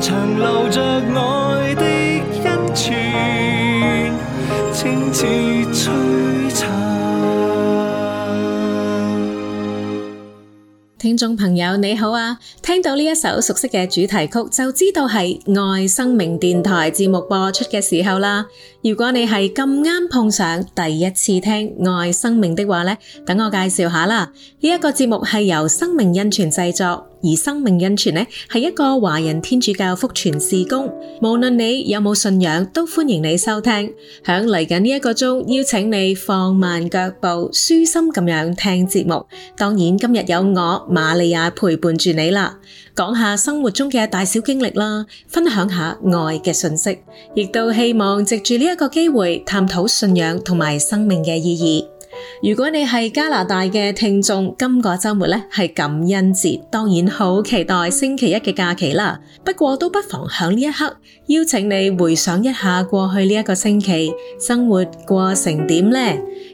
長留着愛的恩泉，清澈璀璨。聽眾朋友你好啊，聽到呢一首熟悉嘅主題曲，就知道係愛生命電台節目播出嘅時候啦。如果你係咁啱碰上第一次聽愛生命的話呢，等我介紹下啦。呢、這、一個節目係由生命恩泉製作，而生命恩泉呢係一個華人天主教福音事工。無論你有冇信仰，都歡迎你收聽。響嚟緊呢一個鐘，邀請你放慢腳步，舒心咁樣聽節目。當然，今日有我瑪利亞陪伴住你啦。講下生活中嘅大小經歷啦，分享下愛嘅訊息，亦都希望藉住呢一個機會探討信仰同埋生命嘅意義。如果你係加拿大嘅聽眾，今個周末呢係感恩節，當然好期待星期一嘅假期啦。不過都不妨響呢一刻邀請你回想一下過去呢一個星期生活過程點呢？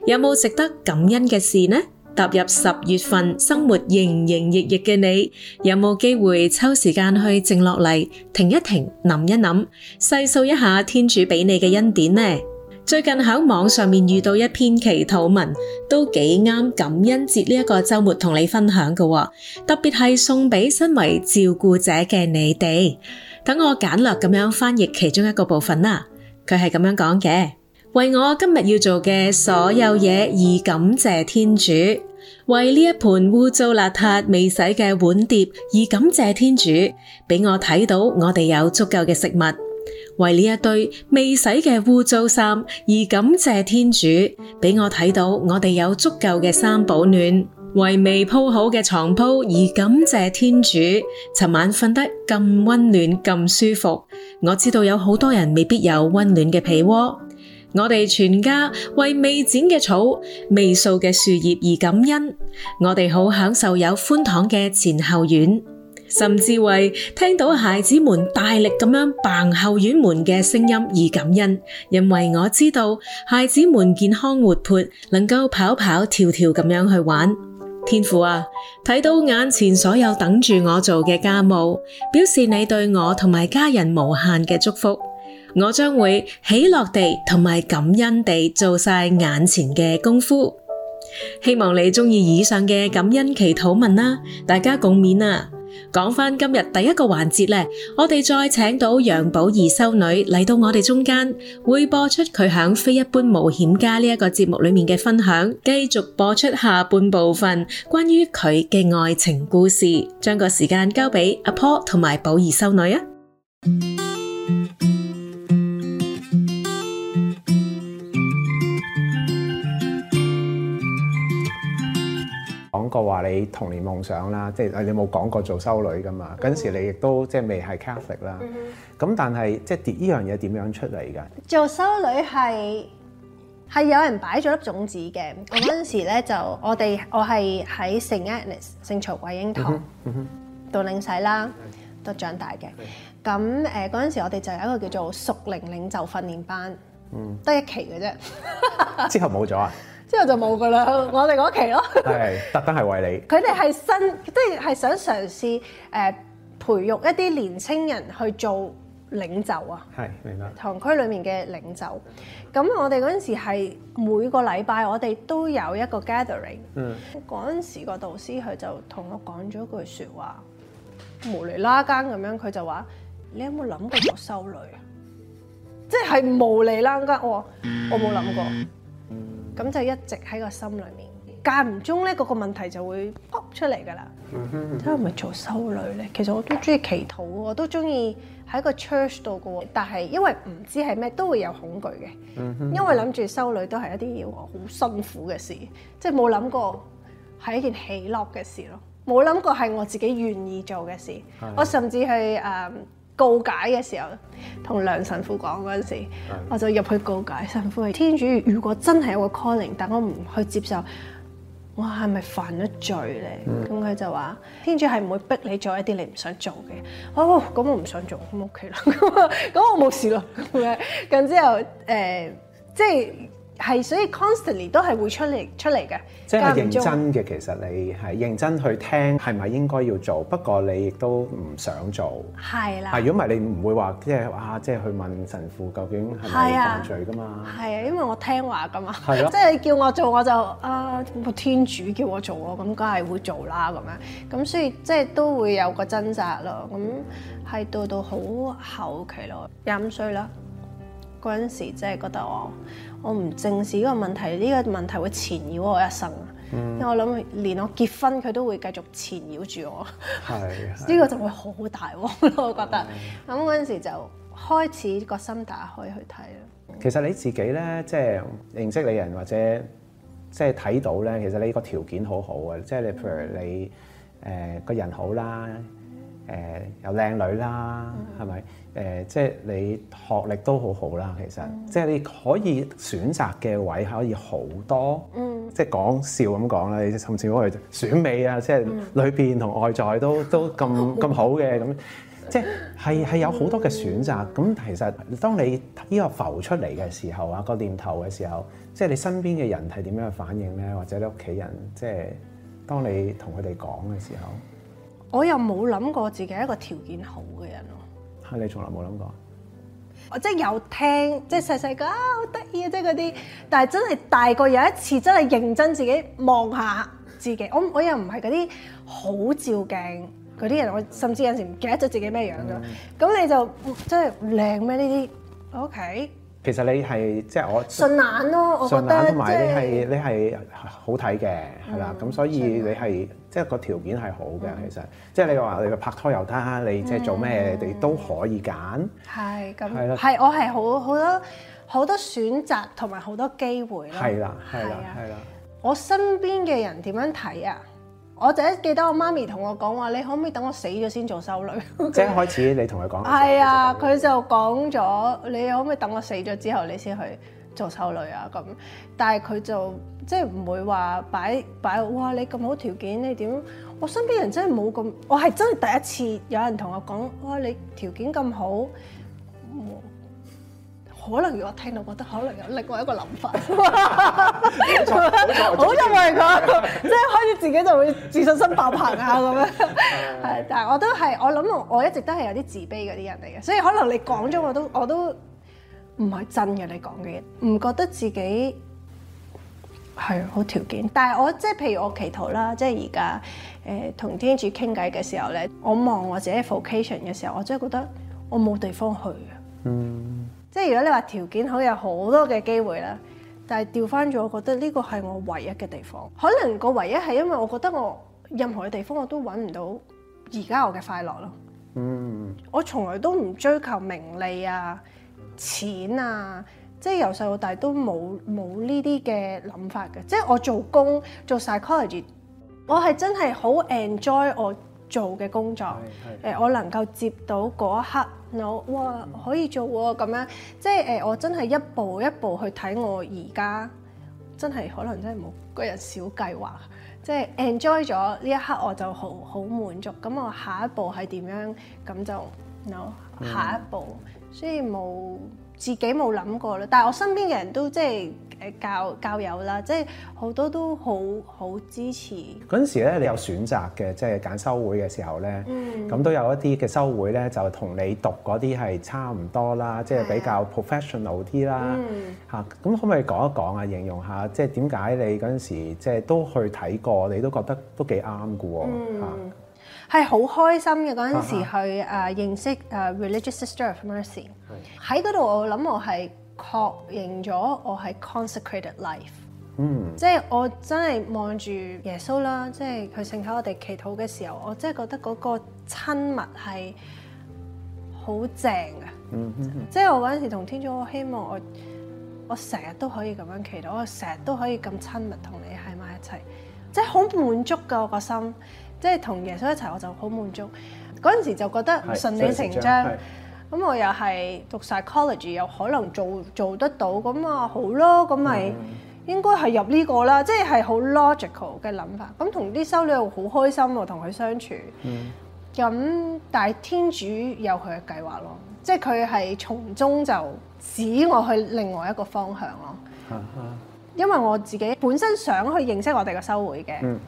有冇值得感恩嘅事呢？踏入十月份，生活營營役役嘅你，有冇機會抽時間去靜落嚟，停一停，諗一諗，細數一下天主俾你嘅恩典呢？最近喺網上面遇到一篇祈禱文，都幾啱感恩節呢個周末同你分享嘅喎，特別係送俾身為照顧者嘅你哋。等我簡略咁樣翻譯其中一個部分啦，佢係咁樣講嘅。為我今日要做嘅所有嘢而感謝天主，為呢一盤污糟邋遢未洗嘅碗碟而感謝天主，俾我睇到我哋有足夠嘅食物；為呢一堆未洗嘅污糟衫而感謝天主，俾我睇到我哋有足夠嘅衫保暖；為未鋪好嘅床鋪而感謝天主，尋晚瞓得咁溫暖咁舒服。我知道有好多人未必有溫暖嘅被窩。我哋全家為未剪嘅草、未掃嘅樹葉而感恩。我哋好享受有寬敞嘅前後院，甚至為聽到孩子們大力咁樣嘭後院門嘅聲音而感恩，因為我知道孩子們健康活潑，能夠跑跑跳跳咁樣去玩。天父啊，睇到眼前所有等住我做嘅家務，表示你對我同埋家人無限嘅祝福。我將會喜樂地同埋感恩地做晒眼前嘅功夫，希望你中意以上嘅感恩祈禱文啦。大家共勉啊！講翻今日第一個環節咧，我哋再請到楊寶儀修女嚟到我哋中間，會播出佢響《非一般冒險家》呢一個節目裏面嘅分享，繼續播出下半部分關於佢嘅愛情故事。將個時間交俾阿婆同埋寶儀修女啊！個話你童年夢想啦，即係你冇講過做修女噶嘛？嗰陣、嗯、時你亦都即係未係 Catholic 啦、嗯哼。咁但係即係呢樣嘢點樣出嚟嘅？做修女係係有人擺咗粒種子嘅。我嗰陣時咧就我哋我係喺聖愛尼斯聖曹桂英堂、嗯、哼到領洗啦，都長大嘅。咁誒嗰陣時我哋就有一個叫做熟齡領袖訓練班，得一期嘅啫， 之後冇咗啊。之後就冇噶啦，我哋嗰期咯。係，特登係為你。佢哋係新，即係係想嘗試誒，培育一啲年青人去做領袖啊。係，明白。堂區裏面嘅領袖。咁我哋嗰陣時係每個禮拜我哋都有一個 gathering。嗯。嗰陣時個導師佢就同我講咗句說話，無厘啦更咁樣，佢就話：你有冇諗過做修女？即係無厘啦更，我我冇諗過。咁就一直喺個心裏面，間唔中咧嗰個問題就會爆出嚟噶啦。點解唔係做修女咧？其實我都中意祈禱，我都中意喺個 church 度噶。但係因為唔知係咩，都會有恐懼嘅。Mm hmm. 因為諗住修女都係一啲好辛苦嘅事，即係冇諗過係一件喜樂嘅事咯，冇諗過係我自己願意做嘅事。Mm hmm. 我甚至係誒。Uh, 告解嘅時候，同梁神父講嗰陣時，嗯、我就入去告解。神父：天主如果真係有個 calling，但我唔去接受，我係咪犯咗罪咧？咁佢、嗯、就話：天主係唔會逼你做一啲你唔想做嘅。哦，咁我唔想做，咁 OK 啦，咁 我冇事啦。咁樣，咁之後，誒、呃，即係。係，所以 constantly 都係會出嚟出嚟嘅。即係認真嘅，其實你係認真去聽係咪應該要做，不過你亦都唔想做。係啦。如果唔係你唔會話，即係哇、啊，即係去問神父究竟係咪犯罪噶嘛？係啊，啊，因為我聽話噶嘛。係咯、啊。即係你叫我做我就啊，天主叫我做咯，咁梗係會做啦咁樣。咁所以即係都會有個掙扎咯。咁係到到好後期咯，廿五歲啦，嗰陣時即係覺得我。我唔正視呢個問題，呢、這個問題會纏繞我一生。因為、嗯、我諗連我結婚佢都會繼續纏繞住我。係，呢個就會好大鑊咯。我覺得咁嗰陣時就開始個心打開去睇啦。其實你自己咧，即、就、係、是、認識你人或者即係睇到咧，其實你個條件好好啊。即、就、係、是、你譬如你誒、呃、個人好啦，誒又靚女啦，係咪？是誒、呃，即係你學歷都好好啦，其實，嗯、即係你可以選擇嘅位可以好多，嗯，即係講笑咁講啦，你甚至乎係選美啊，即係裏邊同外在都都咁咁、嗯、好嘅咁，即係係係有好多嘅選擇。咁、嗯、其實，當你呢個浮出嚟嘅時候啊，個念頭嘅時候，即係你身邊嘅人係點樣去反應咧？或者你屋企人，即係當你同佢哋講嘅時候，我又冇諗過自己係一個條件好嘅人咯。嚇！你從來冇諗過啊！我即係有聽，即係細細個啊，好得意啊！即係嗰啲，但係真係大個有一次真係認真自己望下自己，我我又唔係嗰啲好照鏡嗰啲人，我甚至有時唔記得咗自己咩樣嘅。咁你就即係靚咩呢啲？OK，其實你係即係我順眼咯，我覺得。順眼同埋你係你係好睇嘅，係啦。咁所以你係。即係個條件係好嘅，其實，即係你話你拍拖又得，你即係做咩、嗯、你都可以揀。係咁，係咯，係的我係好好多好多選擇同埋好多機會啦。係啦，係啦，係啦的。的我身邊嘅人點樣睇啊？我就記得我媽咪同我講話：你可唔可以等我死咗先做修女？即係開始你同佢講。係啊的，佢就講咗：嗯、你可唔可以等我死咗之後，你先去做修女啊？咁，但係佢就。即係唔會話擺擺哇！你咁好條件，你點？我身邊人真係冇咁，我係真係第一次有人同我講哇！你條件咁好，可能如果我聽到我覺得可能有另外一個諗法， 啊、 好就係講即係開始自己就會自信心爆棚啊咁樣。係 但係我都係我諗我一直都係有啲自卑嗰啲人嚟嘅，所以可能你講咗我都我都唔係真嘅，你講嘅嘢唔覺得自己。係好條件，但係我即係譬如我祈禱啦，即係而家誒同天主傾偈嘅時候咧，我望我自己嘅 vocation 嘅時候，我真係覺得我冇地方去嘅。嗯，即係如果你話條件好有好多嘅機會啦，但係調翻咗，我覺得呢個係我唯一嘅地方。可能個唯一係因為我覺得我任何嘅地方我都揾唔到而家我嘅快樂咯。嗯，我從來都唔追求名利啊、錢啊。即係由細到大都冇冇呢啲嘅諗法嘅，即係我做工做曬 psychology，我係真係好 enjoy 我做嘅工作，誒、呃、我能夠接到嗰一刻 n 哇、嗯、可以做喎、哦、咁樣，即係誒、呃、我真係一步一步去睇我而家，真係可能真係冇嗰日小計劃，即係 enjoy 咗呢一刻我就好好滿足，咁我下一步係點樣咁就 no 下一步，嗯、所以冇。自己冇諗過啦，但係我身邊嘅人都即係誒教教友啦，即係好多都好好支持。嗰陣時咧，你有選擇嘅，即係揀修會嘅時候咧，咁、嗯、都有一啲嘅修會咧，就同你讀嗰啲係差唔多啦，嗯、即係比較 professional 啲啦嚇。咁、嗯、可唔可以講一講啊？形容下即係點解你嗰陣時即係都去睇過，你都覺得都幾啱嘅喎嚇。係好開心嘅嗰陣時去誒、uh, 認識誒、uh, Religious Sister of Mercy，喺嗰度我諗我係確認咗我係 consecrated life，嗯，mm hmm. 即係我真係望住耶穌啦，即係佢盛喺我哋祈禱嘅時候，我真係覺得嗰個親密係好正啊。Mm hmm. 即係我嗰陣時同天主，我希望我我成日都可以咁樣祈禱，我成日都可以咁親密同你喺埋一齊，即係好滿足㗎我個心。即係同耶穌一齊，我就好滿足。嗰陣時就覺得順理成章。咁我又係讀 psychology，又可能做做得到，咁啊好咯，咁咪應該係入呢個啦。Mm. 即係係好 logical 嘅諗法。咁同啲修女又好開心，同佢相處。咁、mm. 但係天主有佢嘅計劃咯。即係佢係從中就指我去另外一個方向咯。Mm. 因為我自己本身想去認識我哋嘅修會嘅。Mm.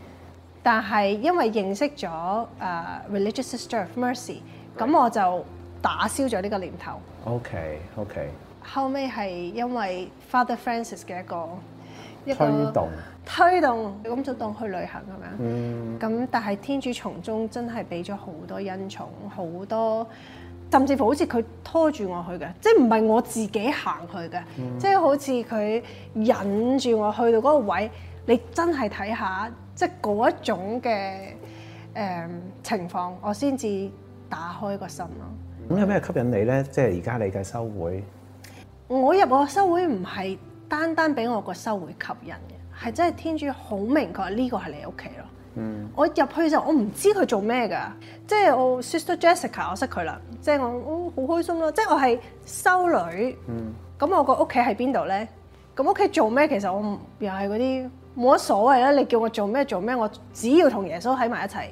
但係因為認識咗誒、uh, Religious Sisters of Mercy，咁我就打消咗呢個念頭。OK OK。後尾係因為 Father Francis 嘅一個動一個推動推動，咁就當去旅行咁樣。嗯。咁但係天主從中真係俾咗好多恩寵，好多甚至乎好似佢拖住我去嘅，即係唔係我自己行去嘅，嗯、即係好似佢引住我去到嗰個位。你真係睇下。即係嗰一種嘅誒、呃、情況，我先至打開個心咯。咁、嗯、有咩吸引你咧？即係而家你嘅修會，我入個修會唔係單單俾我個修會吸引嘅，係真係天主好明確呢個係你屋企咯。嗯，我入去就我唔知佢做咩㗎。即係我 Sister Jessica，我識佢啦。即係我，哦，好開心啦。即係我係修女。嗯，咁我個屋企喺邊度咧？咁屋企做咩？其實我唔又係嗰啲。冇乜所謂啦！你叫我做咩做咩，我只要同耶穌喺埋一齊，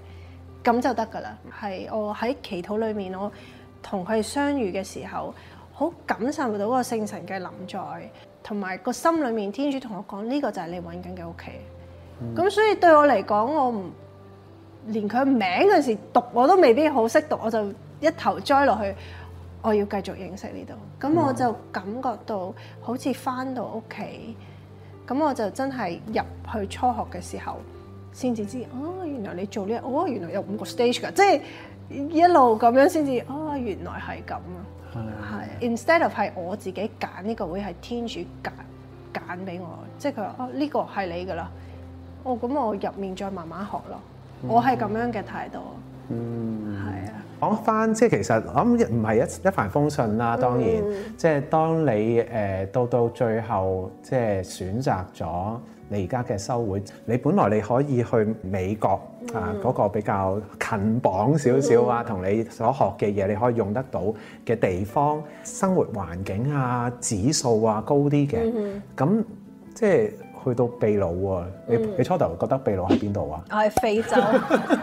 咁就得噶啦。係我喺祈禱裏面，我同佢哋相遇嘅時候，好感受到個聖神嘅臨在，同埋個心裏面天主同我講：呢、這個就係你揾緊嘅屋企。咁、嗯、所以對我嚟講，我唔連佢名嗰陣時讀我都未必好識讀，我就一頭栽落去。我要繼續認識呢度，咁我就感覺到、嗯、好似返到屋企。咁我就真係入去初學嘅時候，先至知哦，原來你做呢個，哦，原來有五個 stage 㗎，即係一路咁樣先至哦，原來係咁啊，係。Instead of 係我自己揀呢個會係天主揀揀俾我，即係佢話哦，呢個係你㗎啦，哦，咁我入面再慢慢學咯，的我係咁樣嘅態度。嗯。講翻即係其實，我諗唔係一一帆風順啦。當然，嗯、即係當你誒、呃、到到最後，即係選擇咗你而家嘅收匯，你本來你可以去美國、嗯、啊嗰、那個比較近綁少少啊，同、嗯、你所學嘅嘢你可以用得到嘅地方、生活環境啊、指數啊高啲嘅，咁、嗯、即係。去到秘魯喎、啊嗯，你你初頭覺得秘魯喺邊度啊？我係非洲，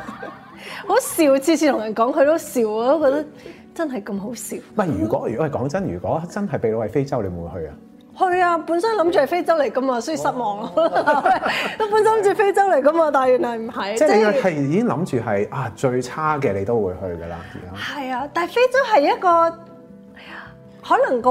好笑，次次同人講佢都笑，我都覺得真係咁好笑。唔、嗯、如果如果係講真，如果真係秘魯係非洲，你會唔會去啊？去啊、嗯， 本身諗住係非洲嚟噶嘛，所以失望。 都本身諗住非洲嚟噶嘛，但係原來唔係。即係係已經諗住係啊最差嘅，你都會去噶啦。係啊， 但係非洲係一個。可能個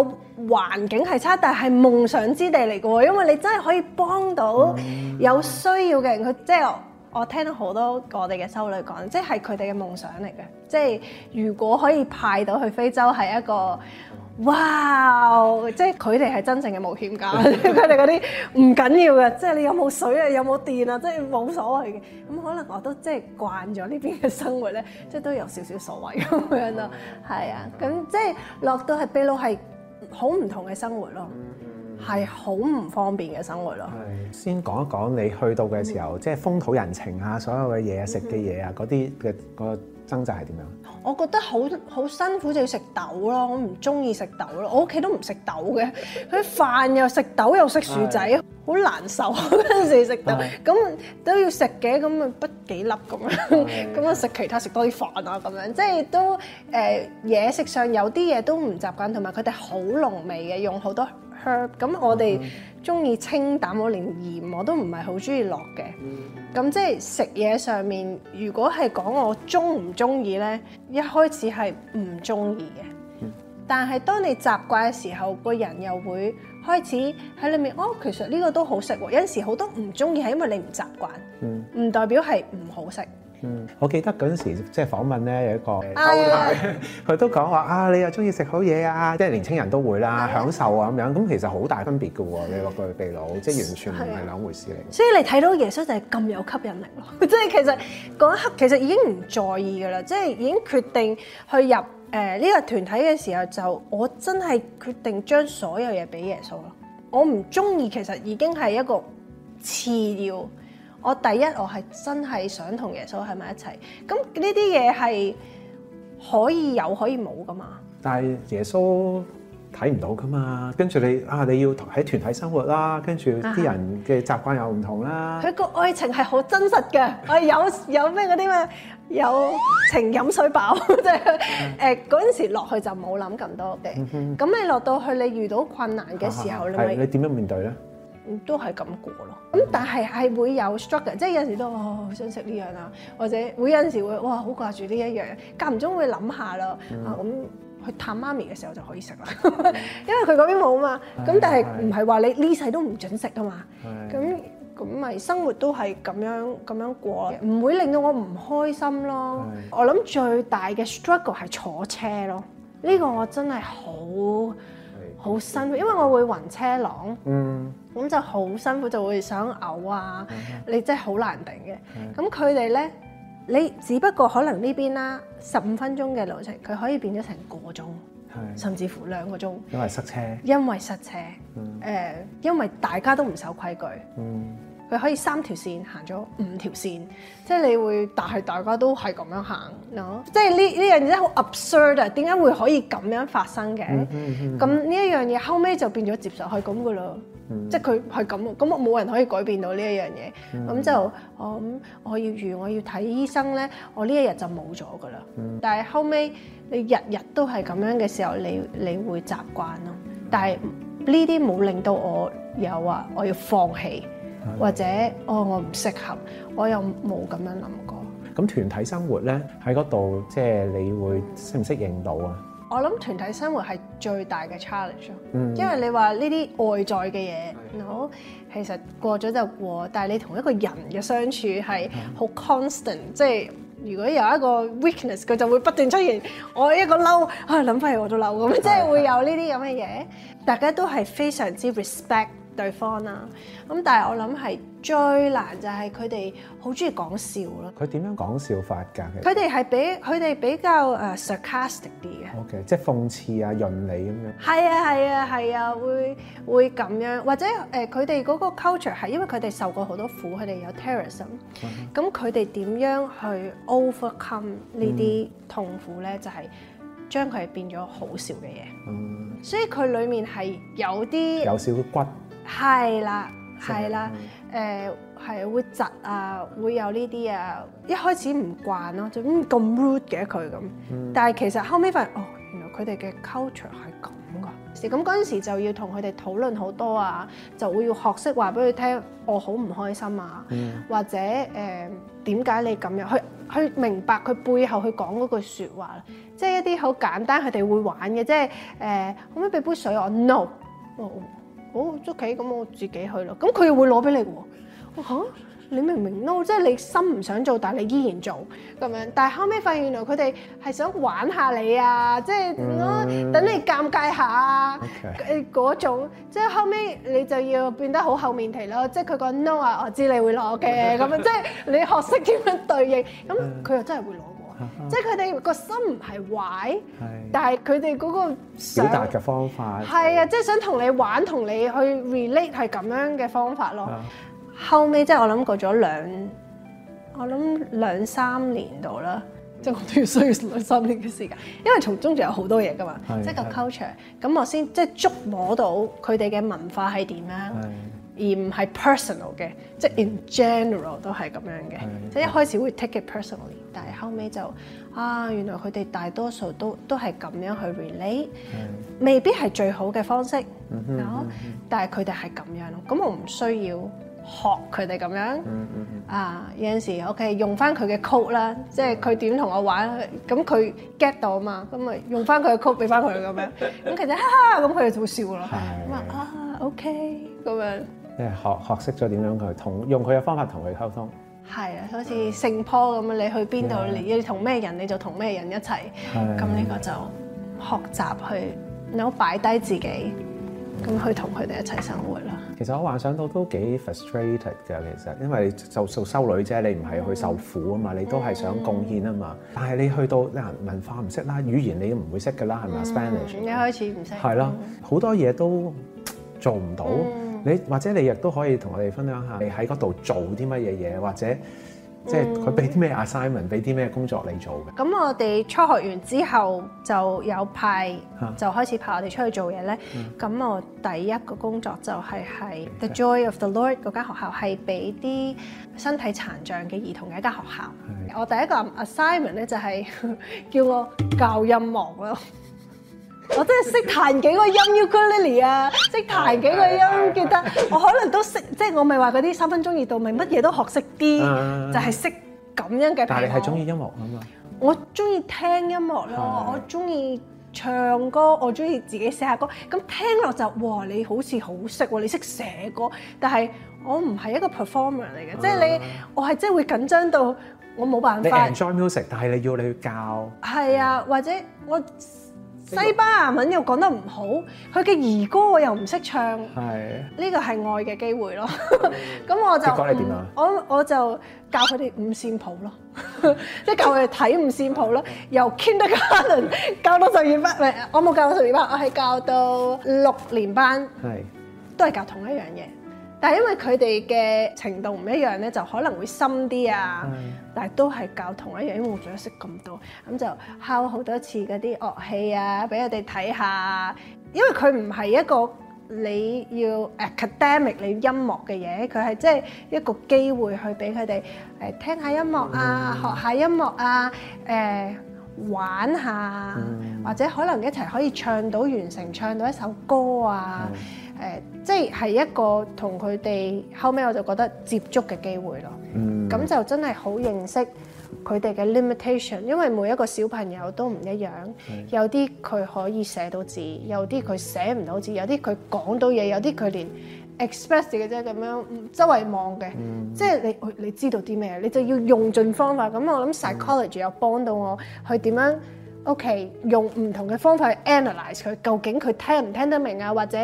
環境係差，但係夢想之地嚟嘅，因為你真係可以幫到有需要嘅人去，佢即係。我聽到好多我哋嘅修女講，即係佢哋嘅夢想嚟嘅，即係如果可以派到去非洲，係一個哇！即係佢哋係真正嘅冒險家，佢哋嗰啲唔緊要嘅，即係你有冇水啊，有冇電啊，即係冇所謂嘅。咁可能我都即係慣咗呢邊嘅生活咧，即係都有少少所謂咁樣咯。係 啊，咁即係落到係秘魯係好唔同嘅生活咯。係好唔方便嘅生活咯。係、哎，先講一講你去到嘅時候，嗯、即係風土人情啊，所有嘅嘢食嘅嘢啊，嗰啲嘅個掙扎係點樣？我覺得好好辛苦就要食豆咯，我唔中意食豆咯，我屋企都唔食豆嘅。佢飯又食豆又食薯仔，好的難受嗰陣 時食豆。咁的都要食嘅，咁咪不幾粒咁樣，咁啊食其他食多啲飯啊咁樣，即係都誒嘢、呃、食上有啲嘢都唔習慣，同埋佢哋好濃味嘅，用好多。咁我哋中意清淡，我連鹽我都唔係好中意落嘅。咁、嗯、即係食嘢上面，如果係講我中唔中意咧，一開始係唔中意嘅。嗯、但係當你習慣嘅時候，個人又會開始喺裏面，哦，其實呢個都好食。有陣時好多唔中意係因為你唔習慣，唔代表係唔好食。嗯，我記得嗰陣時即係訪問咧，有一個溝佢、啊、都講話啊，你又中意食好嘢啊，即係年輕人都會啦，的享受啊咁樣，咁其實好大分別嘅喎、啊，你落去秘魯，即係完全唔係兩回事嚟。所以你睇到耶穌就係咁有吸引力咯， 即係其實嗰一刻其實已經唔在意㗎啦，即係已經決定去入誒呢、呃呢個團體嘅時候，就我真係決定將所有嘢俾耶穌咯，我唔中意其實已經係一個次要。我第一我係真係想同耶穌喺埋一齊，咁呢啲嘢係可以有可以冇噶嘛？但係耶穌睇唔到噶嘛？跟住你啊，你要喺團體生活啦，跟住啲人嘅習慣又唔同啦。佢個、啊、愛情係好真實嘅，我 有有咩嗰啲咩有情飲水飽，即係誒嗰陣時落去就冇諗咁多嘅。咁你落到去你遇到困難嘅時候，啊啊、你你點樣面對咧？都係咁過咯，咁、嗯、但係係會有 struggle，、er，即係有時都好、哦、想食呢樣啊，或者會有時會哇好掛住呢一樣，間唔中會諗下咯，啊咁去探媽咪嘅時候就可以食啦， 因為佢嗰邊冇嘛，咁、嗯、但係唔係話你呢世都唔準食啊嘛，咁咁咪生活都係咁樣咁樣過，唔會令到我唔開心咯。嗯、我諗最大嘅 struggle、er、係坐車咯，呢個我真係好，好辛苦，因為我會暈車浪，咁、嗯、就好辛苦，就會想嘔啊！嗯嗯、你真係好難頂嘅。咁佢哋呢，你只不過可能呢邊啦，十五分鐘嘅路程，佢可以變咗成個鐘，嗯、甚至乎兩個鐘。因為塞車。因為塞車，誒、嗯呃，因為大家都唔守規矩。嗯佢可以三條線行咗五條線，即係你會，但係大家都係咁樣行， 即係呢呢樣嘢好 absurd 啊！點解會可以咁樣發生嘅？咁呢一樣嘢後尾就變咗接受係咁噶咯， 即係佢係咁，咁我冇人可以改變到呢一樣嘢。咁 就我諗，我要預，我要睇醫生咧，我呢一日就冇咗噶啦。 但係後尾你日日都係咁樣嘅時候，你你，你會習慣咯。但係呢啲冇令到我有話我要放棄。或者哦，我唔適合，我又冇咁樣諗過。咁團體生活咧，喺嗰度即係你會適唔適應到啊？我諗團體生活係最大嘅 challenge，嗯、因為你話呢啲外在嘅嘢好，嗯、其實過咗就過。但係你同一個人嘅相處係好 constant，即係、嗯、如果有一個 weakness，佢就會不斷出現。我一個嬲啊，諗翻起我都嬲咁，即係會有呢啲咁嘅嘢。嗯、大家都係非常之 respect。對方啦，咁但係我諗係最難就係佢哋好中意講笑咯。佢點樣講笑法㗎？佢哋係比佢哋比較誒 sarcastic 啲嘅。O.K. 即係諷刺啊、潤理咁樣。係啊，係啊，係啊，會會咁樣，或者誒佢哋嗰個 culture 係因為佢哋受過好多苦，佢哋有 terrorism，咁佢哋點樣去 overcome 呢啲痛苦咧？Mm hmm. 就係將佢係變咗好笑嘅嘢。嗯、mm。Hmm. 所以佢裡面係有啲有少骨。係啦，係啦，誒係、嗯呃、會窒啊，會有呢啲啊，一開始唔慣咯，就咁 root 嘅佢咁，嗯啊嗯、但係其實後尾發現哦，原來佢哋嘅 culture 係咁噶，咁嗰陣時就要同佢哋討論好多啊，就會要學識話俾佢聽，我好唔開心啊，嗯、或者誒點解你咁樣？去佢明白佢背後去講嗰句説話，即係一啲好簡單，佢哋會玩嘅，即係誒、呃、可唔可以俾杯水我？No，哦哦哦，捉棋咁我自己去咯，咁佢又會攞俾你嘅喎。嚇、啊，你明明 no，即係你心唔想做，但係你依然做咁樣，但係後尾發現原來佢哋係想玩下你啊，即係係等你尷尬下啊，誒嗰種即係後尾你就要變得好厚面皮咯。即係佢講 no 啊，我知你會攞嘅咁樣， 即係你學識點樣對應，咁佢又真係會攞。即係佢哋個心唔係壞，但係佢哋嗰個表達嘅方法係啊，的的即係想同你玩，同你去 relate 係咁樣嘅方法咯。的後尾即係我諗過咗兩，我諗兩三年度啦，即係我都要需要兩三年嘅時間，因為從中有的就有好多嘢噶嘛，即係個 culture，咁我先即係捉摸到佢哋嘅文化係點樣。而唔係 personal 嘅，即係 in general 都係咁樣嘅。即係一開始會 take it personally，但係後尾就啊，原來佢哋大多數都都係咁樣去 relate，未必係最好嘅方式。好，但係佢哋係咁樣咯。咁我唔需要學佢哋咁樣。啊，有陣時 OK，用翻佢嘅 code 啦，即係佢點同我玩，咁佢 get 到啊嘛，咁咪用翻佢嘅 code 俾翻佢咁樣。咁其實哈哈，咁佢哋就會笑咯。咁啊，OK，咁樣。即係學學識咗點樣去同用佢嘅方法同佢溝通，係啊，好似聖坡咁啊，你去邊度，你同咩人你就同咩人一齊，咁呢個就學習去，你好擺低自己，咁去同佢哋一齊生活啦。其實我幻想到都幾 frustrated 㗎，其實，因為就做修女啫，你唔係去受苦啊嘛，你都係想貢獻啊嘛，但係你去到啊文化唔識啦，語言你都唔會識㗎啦，係咪啊？Spanish 你一開始唔識，係啦，好多嘢都做唔到。你或者你亦都可以同我哋分享下你喺嗰度做啲乜嘢嘢，或者即係佢俾啲咩 assignment 俾啲咩工作你做嘅。咁、嗯、我哋初學完之後就有派就開始派我哋出去做嘢咧。咁、嗯、我第一個工作就係喺 The Joy of the Lord 嗰間學校係俾啲身體殘障嘅兒童嘅一間學校。學校的我第一個 assignment 咧就係叫我教音樂咯。我真係識彈幾個音，Ukulele 啊！識彈幾個音，記得我可能都識，即係我咪話嗰啲三分鐘熱度，咪乜嘢都學識啲，就係識咁樣嘅。但係你係中意音樂啊嘛？我中意聽音樂咯，我中意唱歌，我中意自己寫下歌。咁聽落就哇，你好似好識喎，你識寫歌，但係我唔係一個 performer 嚟嘅，即係你我係真係會緊張到我冇辦法。你 enjoy music，但係你要你去教。係啊，或者我。西班牙文又講得唔好，佢嘅兒歌我又唔識唱，呢個係愛嘅機會咯。咁 我就你你、啊、我我就教佢哋五線譜咯， 即係教佢哋睇五線譜咯。由 Kindergarten 教到十二班，唔係我冇教到十二班，我係教到六年班，的都係教同一樣嘢。但係因為佢哋嘅程度唔一樣咧，就可能會深啲啊。的但係都係教同一樣音樂，因為我仲識咁多，咁就敲好多次嗰啲樂器啊，俾佢哋睇下。因為佢唔係一個你要 academic 你音樂嘅嘢，佢係即係一個機會去俾佢哋誒聽下音樂啊，嗯、學下音樂啊，誒、呃、玩下，嗯、或者可能一齊可以唱到完成，唱到一首歌啊。嗯誒，uh, 即係一個同佢哋後尾我就覺得接觸嘅機會咯。咁、mm hmm. 就真係好認識佢哋嘅 limitation，因為每一個小朋友都唔一樣。Mm hmm. 有啲佢可以寫到字，有啲佢寫唔到字，有啲佢講到嘢，有啲佢連 express 嘅啫咁樣，周圍望嘅。Hmm. 即係你，你知道啲咩？你就要用盡方法。咁我諗 psychology、mm hmm. 有幫到我去點樣？O.K. 用唔同嘅方法去 analyze 佢，究竟佢聽唔聽得明啊？或者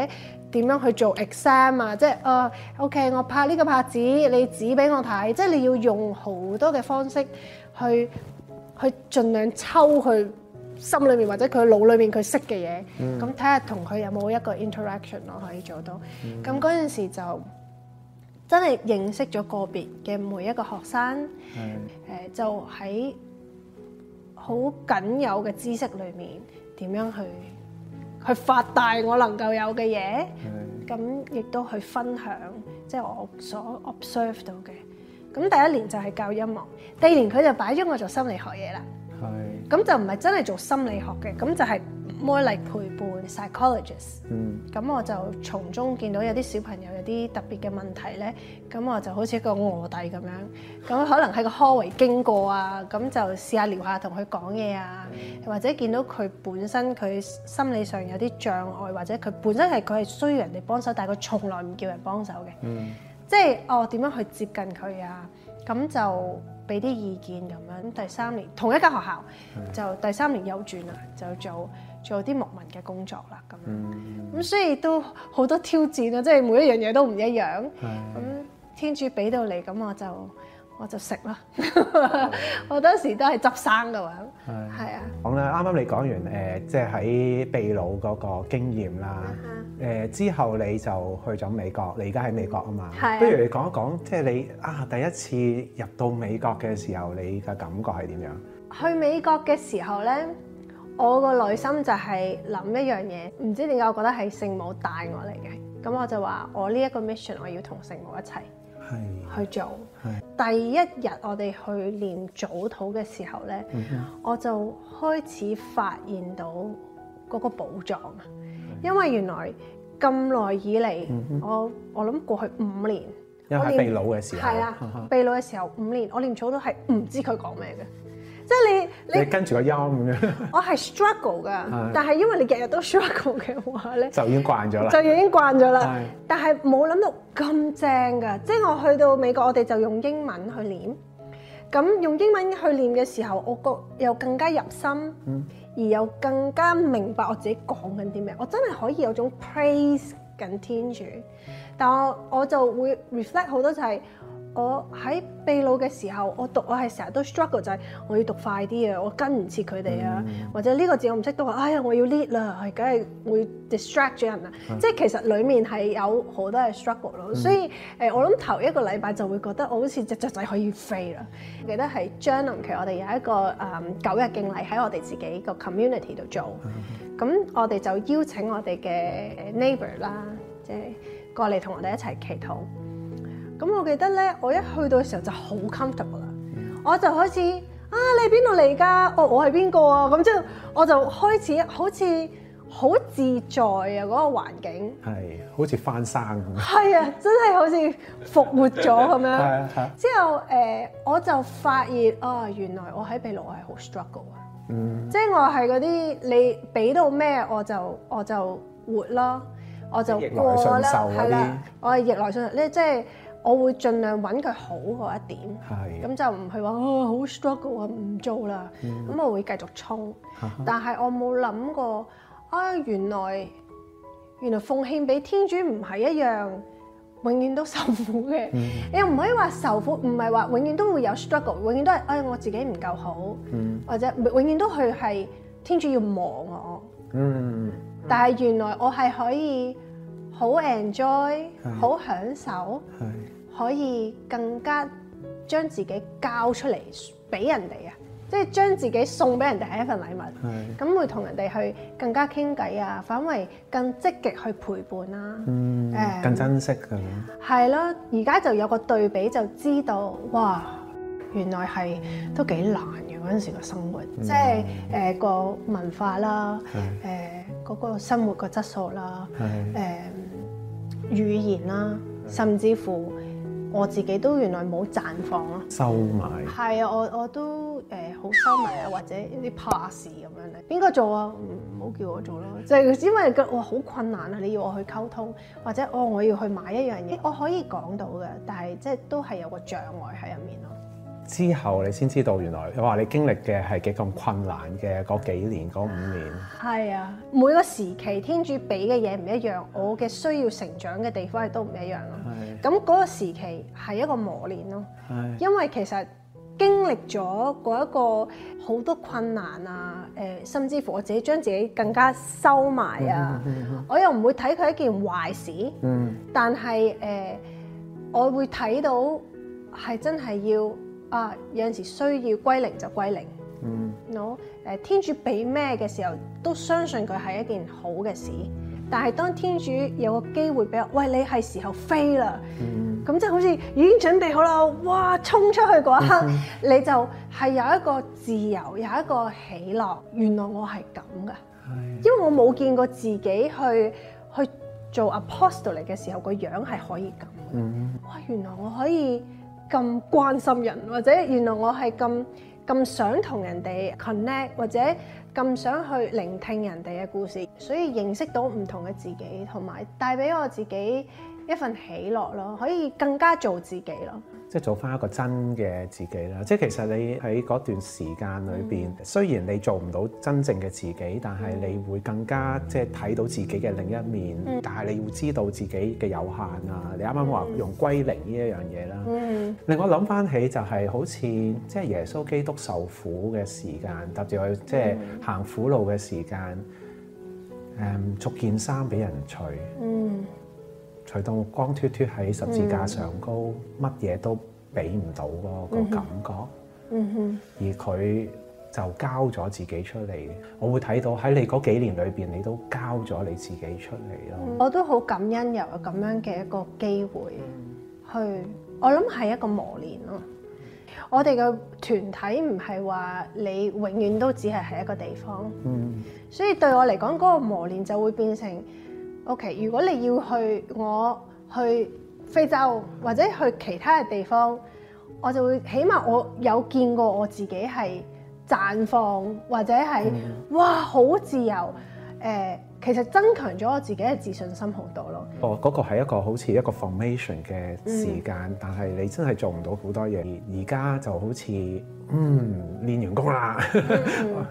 點樣去做 exam 啊？即係啊、uh,，O.K. 我拍呢個拍子，你指俾我睇。即係你要用好多嘅方式去去盡量抽佢心裏面或者佢腦裏面佢識嘅嘢，咁睇下同佢有冇一個 interaction 我可以做到。咁嗰陣時就真係認識咗個別嘅每一個學生。誒、mm hmm. 呃，就喺。好僅有嘅知識裏面，點樣去去發大我能夠有嘅嘢？咁亦是的 都去分享，即係我所 observe 到嘅。咁第一年就係教音樂，第二年佢就擺咗我做心理學嘢啦。咁是的 就唔係真係做心理學嘅，咁就係。more like 陪伴 psychologist，咁、mm hmm. 我就從中見到有啲小朋友有啲特別嘅問題咧，咁我就好似一個臥底咁樣，咁可能喺個 hall 位經過啊，咁就試下聊下同佢講嘢啊，mm hmm. 或者見到佢本身佢心理上有啲障礙，或者佢本身係佢係需要人哋幫手，但係佢從來唔叫人幫手嘅，mm hmm. 即係我點樣去接近佢啊？咁就俾啲意見咁樣。咁第三年同一間學校，就第三年有轉啊，就做。做啲牧民嘅工作啦，咁咁所以都好多挑戰啊！即係每一樣嘢都唔一樣。咁天主俾到你，咁我就我就食咯。我當時都係執生嘅話，係啊。好啦，啱啱你講完誒，即係喺秘魯嗰個經驗啦。誒之後你就去咗美國，你而家喺美國啊嘛。係。不如你講一講，即係你啊第一次入到美國嘅時候，你嘅感覺係點樣？去美國嘅時候咧。我個內心就係諗一樣嘢，唔知點解我覺得係聖母帶我嚟嘅，咁我就話我呢一個 mission 我要同聖母一齊去做。第一日我哋去念早禱嘅時候呢，嗯、哼我就開始發現到嗰個寶藏，嗯、哼因為原來咁耐以嚟，嗯、哼我我諗過去五年，因為秘魯嘅時候，係啦練，秘魯嘅練時候,哈哈時候五年，我連早禱係唔知佢講咩嘅。即係你你，你跟住個音咁樣， 我係 struggle 噶，但係因為你日日都 struggle 嘅話咧， 就已經慣咗啦， 就已經慣咗啦。 但係冇諗到咁正噶，即係我去到美國，我哋就用英文去練，咁用英文去練嘅時候，我個又更加入心，而又更加明白我自己講緊啲咩，我真係可以有種 praise 緊天主，但我我就會 reflect 好多就係、是。我喺秘魯嘅時候，我讀我係成日都 struggle，就係我要讀快啲啊，我跟唔切佢哋啊，嗯、或者呢個字我唔識讀啊，哎呀我要 lead 啦，係梗係會 distract 咗人啊。嗯、即係其實裡面係有好多嘅 struggle 咯、嗯，所以誒、呃、我諗頭一個禮拜就會覺得我好似隻雀仔可以飛啦。嗯、記得係將臨期我哋有一個誒、嗯、九日敬禮喺我哋自己個 community 度做，咁、嗯嗯、我哋就邀請我哋嘅 neighbor 啦，即係過嚟同我哋一齊祈禱。咁我記得咧，我一去到嘅時候就好 comfortable 啦，嗯、我就開始啊，你喺邊度嚟㗎？我我係邊個啊？咁之後我就開始好似好自在啊嗰、那個環境，係好似翻生咁，係啊，真係好似復活咗咁樣。 之後誒、呃，我就發現啊、哦，原來我喺秘魯係好 struggle 啊，嗯即，即係我係嗰啲你俾到咩我就我就活咯，我就過啦，係啦、啊，我係逆來順受咧，即係。即我會盡量揾佢好嗰一點，咁就唔去話啊好 struggle 唔做啦，咁我會繼續衝。但係我冇諗過啊，原來原來奉獻俾天主唔係一樣，永遠都受苦嘅。你又唔可以話受苦，唔係話永遠都會有 struggle，永遠都係唉我自己唔夠好，或者永遠都去係天主要忙我。嗯，但係原來我係可以好 enjoy，好享受。可以更加將自己交出嚟俾人哋啊！即係將自己送俾人哋係一份禮物，咁的會同人哋去更加傾偈啊，反為更積極去陪伴啦，誒、嗯，更珍惜咁。係咯、嗯，而家就有個對比，就知道哇，原來係都幾難嘅嗰陣時嘅生活，嗯、即係誒個文化啦，誒嗰個生活個質素啦，誒的、呃、語言啦，甚至乎。我自己都原來冇綻放咯、啊，收埋買。係啊，我我都誒好、呃、收埋啊，或者一啲怕事咁樣咧。邊個做啊？唔好、嗯、叫我做咯、啊，就係、是、因為個我好困難啊。你要我去溝通，或者哦我要去買一樣嘢，我可以講到嘅，但係即係都係有個障礙喺入面咯。之後你先知道原來，我話你經歷嘅係幾咁困難嘅嗰幾年嗰五年。係啊，每個時期天主俾嘅嘢唔一樣，我嘅需要成長嘅地方亦都唔一樣咯。咁嗰、啊、個時期係一個磨練咯。係、啊。因為其實經歷咗嗰一個好多困難啊，誒、呃，甚至乎我自己將自己更加收埋啊，我又唔會睇佢一件壞事。嗯。嗯嗯，但係誒、呃，我會睇到係真係要。啊，有陣時需要歸零就歸零。嗯、mm，嗱，誒天主俾咩嘅時候，都相信佢係一件好嘅事。但係當天主有個機會俾我，喂，你係時候飛啦。咁即係好似已經準備好啦，哇！衝出去嗰一刻，mm hmm. 你就係有一個自由，有一個喜樂。原來我係咁嘅，因為我冇見過自己去去做 apostle 嚟嘅時候個樣係可以咁。哇、mm！Hmm. 原來我可以。咁關心人，或者原來我係咁咁想同人哋 connect，或者咁想去聆聽人哋嘅故事，所以認識到唔同嘅自己，同埋帶俾我自己一份喜樂咯，可以更加做自己咯。即係做翻一個真嘅自己啦，即係其實你喺嗰段時間裏邊，嗯、雖然你做唔到真正嘅自己，但係你會更加、嗯、即係睇到自己嘅另一面。嗯、但係你要知道自己嘅有限啊！嗯、你啱啱話用歸零呢一樣嘢啦，嗯、令我諗翻起就係好似即係耶穌基督受苦嘅時間，特別去即係行苦路嘅時間，誒、嗯，逐、嗯、件衫俾人除。嗯去到光脫脫喺十字架上高，乜嘢、嗯、都俾唔到咯，個、嗯、感覺。嗯哼、嗯。而佢就交咗自己出嚟，我會睇到喺你嗰幾年裏邊，你都交咗你自己出嚟咯。嗯、我都好感恩由咁樣嘅一個機會去，去、嗯、我諗係一個磨練咯。嗯、我哋嘅團體唔係話你永遠都只係喺一個地方。嗯。所以對我嚟講，嗰、嗰個磨練就會變成。O.K. 如果你要去我去非洲或者去其他嘅地方，我就會起碼我有見過我自己係綻放或者係 Yeah. 哇，好自由誒。呃其實增強咗我自己嘅自信心好多咯。哦，嗰個係一個好似一個 formation 嘅時間，但係你真係做唔到好多嘢。而家就好似嗯練完功啦，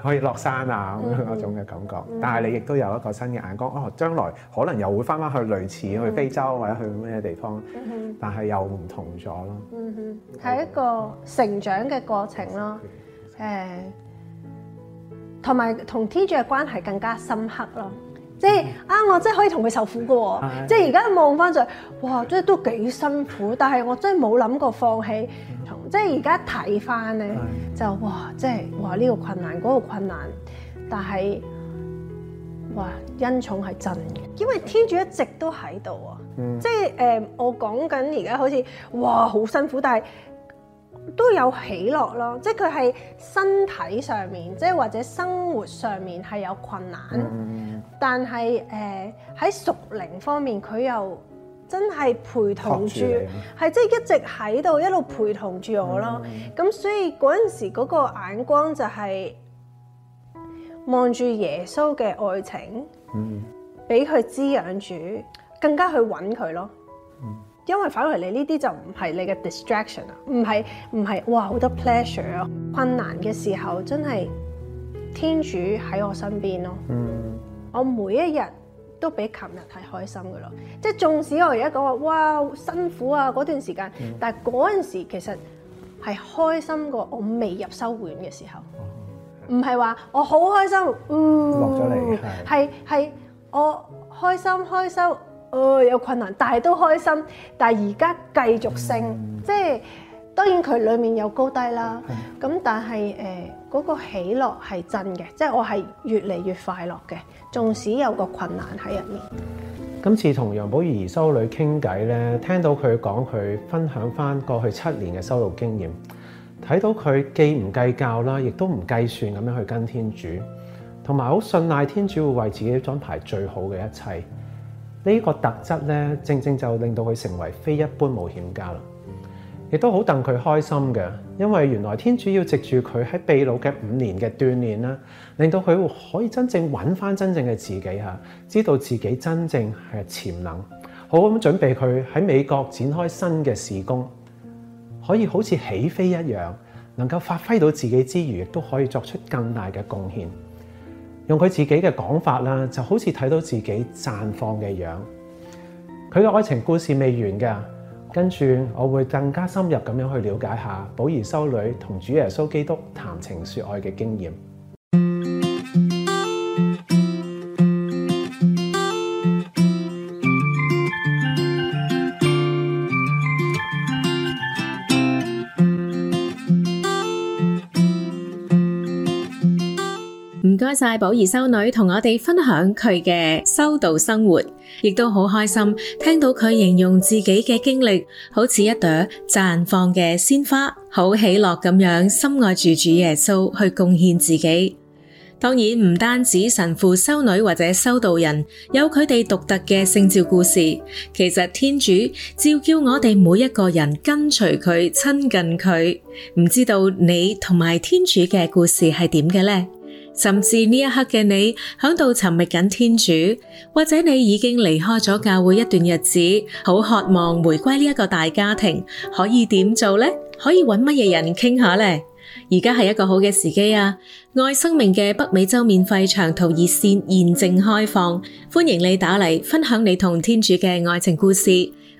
可以落山啊咁樣嗰種嘅感覺。但係你亦都有一個新嘅眼光。哦，將來可能又會返返去類似去非洲或者去咩地方，但係又唔同咗咯。嗯哼，係一個成長嘅過程咯。誒，同埋同 T 姐嘅關係更加深刻咯。即係啊！我真係可以同佢受苦嘅喎、哦。的即係而家望翻就哇，即係都幾辛苦。但係我真係冇諗過放棄。同即係而家睇翻咧，就哇！即係話呢個困難嗰、嗰個困難，但係哇恩寵係真嘅，因為天主一直都喺度啊。嗯、即係誒、呃，我講緊而家好似哇好辛苦，但係。都有喜樂咯，即係佢係身體上面，即係或者生活上面係有困難，嗯嗯嗯，但係誒喺屬靈方面佢又真係陪同住，係即係一直喺度一路陪同住我咯。咁、嗯嗯嗯、所以嗰陣時嗰個眼光就係望住耶穌嘅愛情，嗯，嗯，俾佢滋養住，更加去揾佢咯。因為反而你呢啲就唔係你嘅 distraction 啊，唔係唔係哇好多 pleasure 啊！困難嘅時候真係天主喺我身邊咯。嗯，我每一日都比琴日係開心嘅咯。即係縱使我而家講話哇辛苦啊嗰段時間，嗯、但係嗰陣時其實係開心過我未入修院嘅時候。唔係話我好開心，嗯，落咗嚟係係係我開心開心。哦、有困難，但係都開心。但係而家繼續升，嗯、即係當然佢裡面有高低啦。咁、嗯、但係誒嗰個喜樂係真嘅，即係我係越嚟越快樂嘅，縱使有個困難喺入面、嗯。今次同楊寶儀修女傾偈咧，聽到佢講佢分享翻過去七年嘅修道經驗，睇到佢既唔計較啦，亦都唔計算咁樣去跟天主，同埋好信賴天主會為自己安排最好嘅一切。呢個特質咧，正正就令到佢成為非一般冒險家啦，亦都好戥佢開心嘅，因為原來天主要藉住佢喺秘魯嘅五年嘅鍛鍊啦，令到佢可以真正揾翻真正嘅自己嚇，知道自己真正嘅潛能，好咁準備佢喺美國展開新嘅事工，可以好似起飛一樣，能夠發揮到自己之餘，亦都可以作出更大嘅貢獻。用佢自己嘅講法啦，就好似睇到自己綻放嘅樣子。佢嘅愛情故事未完㗎，跟住我會更加深入咁樣去了解下保兒修女同主耶穌基督談情説愛嘅經驗。晒寶兒修女同我哋分享佢嘅修道生活，亦都好開心聽到佢形容自己嘅經歷，好似一朵綻放嘅鮮花，好喜樂咁樣，心愛住主耶穌去貢獻自己。當然唔單止神父、修女或者修道人有佢哋獨特嘅聖召故事，其實天主召叫我哋每一個人跟隨佢、親近佢。唔知道你同埋天主嘅故事係點嘅呢？甚至呢一刻嘅你響度尋覓緊天主，或者你已經離開咗教會一段日子，好渴望回歸呢一個大家庭，可以點做咧？可以搵乜嘢人傾下咧？而家係一個好嘅時機啊！愛生命嘅北美洲免費長途熱線現正開放，歡迎你打嚟，分享你同天主嘅愛情故事，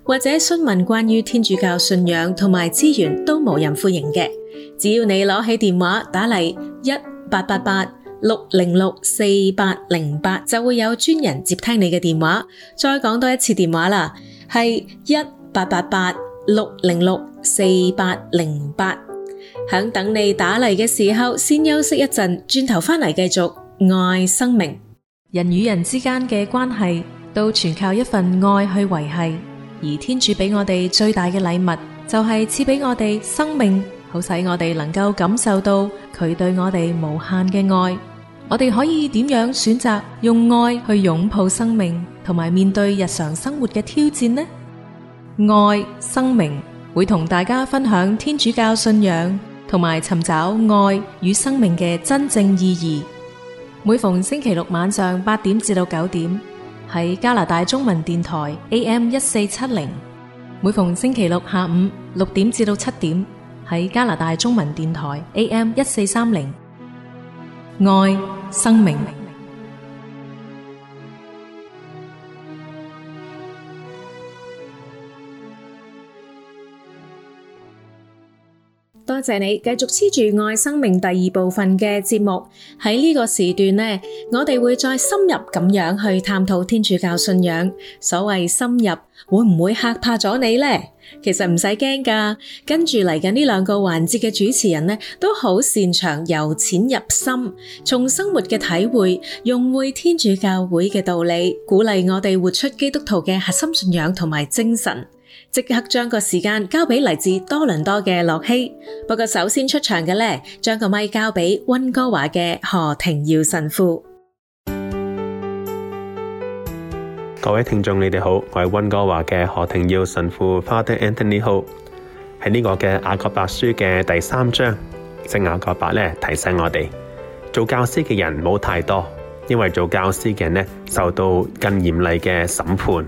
或者詢問關於天主教信仰同埋資源，都無人歡迎嘅。只要你攞起電話打嚟一八八八。六零六四八零八就會有專人接聽你嘅電話，再講多一次電話啦，係一八八八六零六四八零八。響等你打嚟嘅時候，先休息一陣，轉頭返嚟繼續愛生命。人與人之間嘅關係，都全靠一份愛去維繫，而天主俾我哋最大嘅禮物，就係賜俾我哋生命，好使我哋能夠感受到佢對我哋無限嘅愛。我哋可以點樣選擇用愛去擁抱生命，同埋面對日常生活嘅挑戰呢？愛生命會同大家分享天主教信仰同埋尋找愛與生命嘅真正意義。每逢星期六晚上八點至到九點，喺加拿大中文電台 AM1470，每逢星期六下午六點至到七點，喺加拿大中文電台 AM1430 愛生命。多謝你繼續黐住《愛生命》第二部分嘅節目。喺呢個時段呢，我哋會再深入咁樣去探討天主教信仰。所謂深入，會唔會嚇怕咗你呢？其實唔使驚㗎。跟住嚟緊呢兩個環節嘅主持人呢，都好擅長由淺入深，從生活嘅體會，融會天主教會嘅道理，鼓勵我哋活出基督徒嘅核心信仰同埋精神。即刻將個時間交俾嚟自多倫多嘅駱曦。不過首先出場嘅呢，將個咪交俾溫哥華嘅何廷耀神父。各位聽眾，你哋好，我係溫哥華嘅何廷耀神父 Father Anthony Ho。好，喺呢個嘅雅各伯書嘅第三章，聖雅各伯呢，提醒我哋，做教師嘅人唔好太多，因為做教師嘅人呢，受到更嚴厲嘅審判。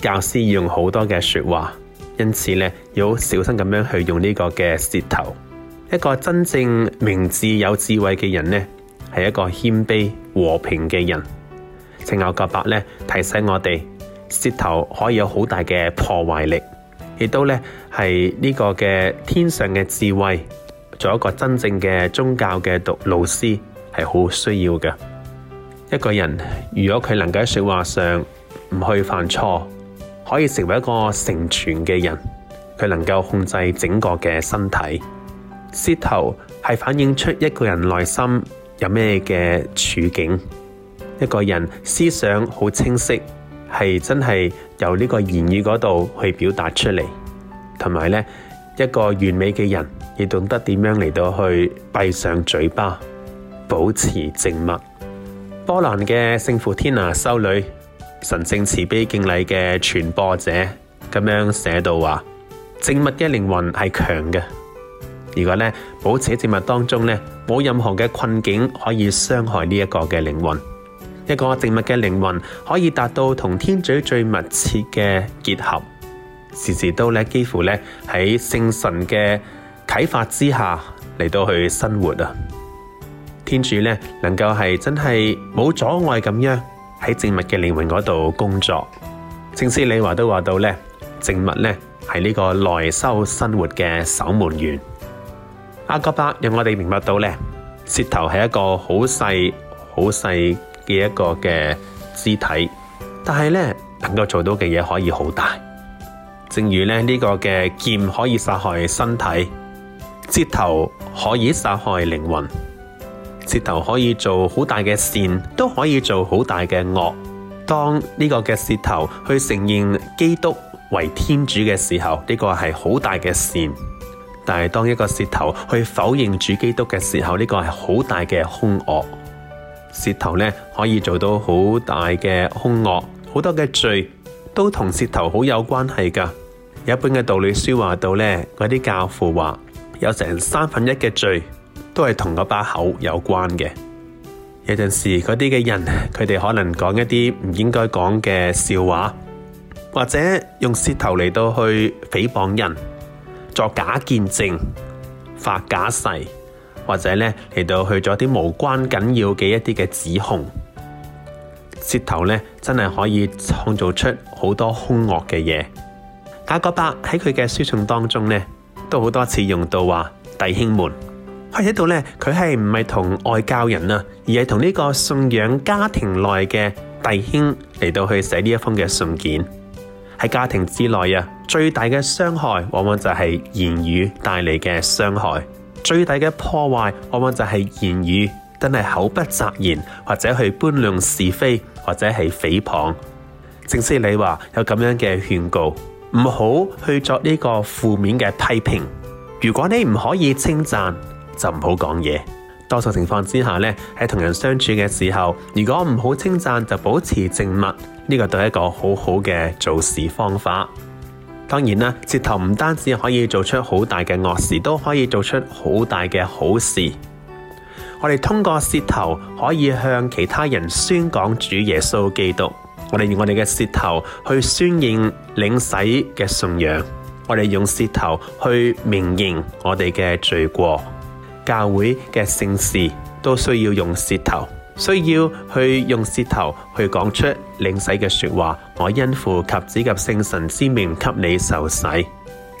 教師要用好多嘅說話，因此咧要小心咁樣去用呢個嘅舌頭。一個真正明智有智慧嘅人呢，係一個謙卑和平嘅人。呢《聖雅各伯》咧提醒我哋，舌頭可以有好大嘅破壞力，亦都咧係呢個嘅天上嘅智慧。做一個真正嘅宗教嘅讀老師係好需要嘅。一個人如果佢能夠喺說話上唔去犯錯。可以成為一個成全嘅人，佢能夠控制整個嘅身體。舌頭係反映出一個人內心有咩嘅處境。一個人思想好清晰，係真係由呢個言語嗰度去表達出嚟。同埋呢，一個完美嘅人亦懂得點樣嚟到去閉上嘴巴，保持靜默。波蘭嘅聖父天娜、啊、修女。神聖慈悲敬禮嘅傳播者咁樣寫到話，靜默嘅靈魂係強嘅。如果咧保持靜默當中咧冇任何嘅困境可以傷害呢一個嘅靈魂，一個靜默嘅靈魂可以達到同天主最密切嘅結合，時時都咧幾乎咧喺聖神嘅啟發之下嚟到去生活啊。天主咧能夠係真係冇阻礙咁樣。喺靜默嘅靈魂嗰度工作，正似你話都話到咧，靜默咧係呢個內修生活嘅守門員。雅各伯讓我哋明白到咧，舌頭係一個好細好細嘅一個嘅肢體，但係咧能夠做到嘅嘢可以好大。正如咧呢個嘅劍可以殺害身體，舌頭可以殺害靈魂。舌頭可以做好大嘅善，都可以做好大嘅惡。當呢個嘅舌頭去承認基督為天主嘅時候，呢個係好大嘅善；但係當一個舌頭去否認主基督嘅時候，呢個係好大嘅凶惡。舌頭呢可以做到好大嘅凶惡，好多嘅罪都同舌頭好有關係㗎。有一本嘅道理書話到呢，嗰啲教父話有成三分一嘅罪，都係同嗰把口有關嘅。有陣時，嗰啲嘅人，佢哋可能講一啲唔應該講嘅笑話，或者用舌頭嚟到去誹謗人、作假見證、發假誓，或者呢嚟到去做啲無關緊要嘅一啲嘅指控。舌頭呢真係可以創造出好多凶惡嘅嘢。雅各伯喺佢嘅書信當中呢，都好多次用到話弟兄們。喺度咧，佢係唔係同外教人啊而係同呢個信仰家庭內嘅弟兄嚟到去寫呢一封嘅信件。喺家庭之內啊，最大嘅傷害往往就係言語帶嚟嘅傷害，最大嘅破壞往往就係言語，真係口不擇言，或者去搬弄是非，或者係誹謗。正式你話有咁樣嘅勸告，唔好去作呢個負面嘅批評，如果你唔可以稱讚。就唔好講嘢。多數情況之下呢，喺同人相處嘅時候，如果唔好稱讚，就保持靜默。呢個都係一個好好嘅做事方法。當然啦，舌頭唔單止可以做出好大嘅惡事，都可以做出好大嘅好事。我哋通過舌頭可以向其他人宣講主耶穌基督。我哋用我哋嘅舌頭去宣認領洗嘅信仰。我哋用舌頭去明言我哋嘅罪過。教會嘅聖事都需要用舌頭，需要去用舌頭去講出領洗嘅說話。我因父及子及聖神之名給你受洗。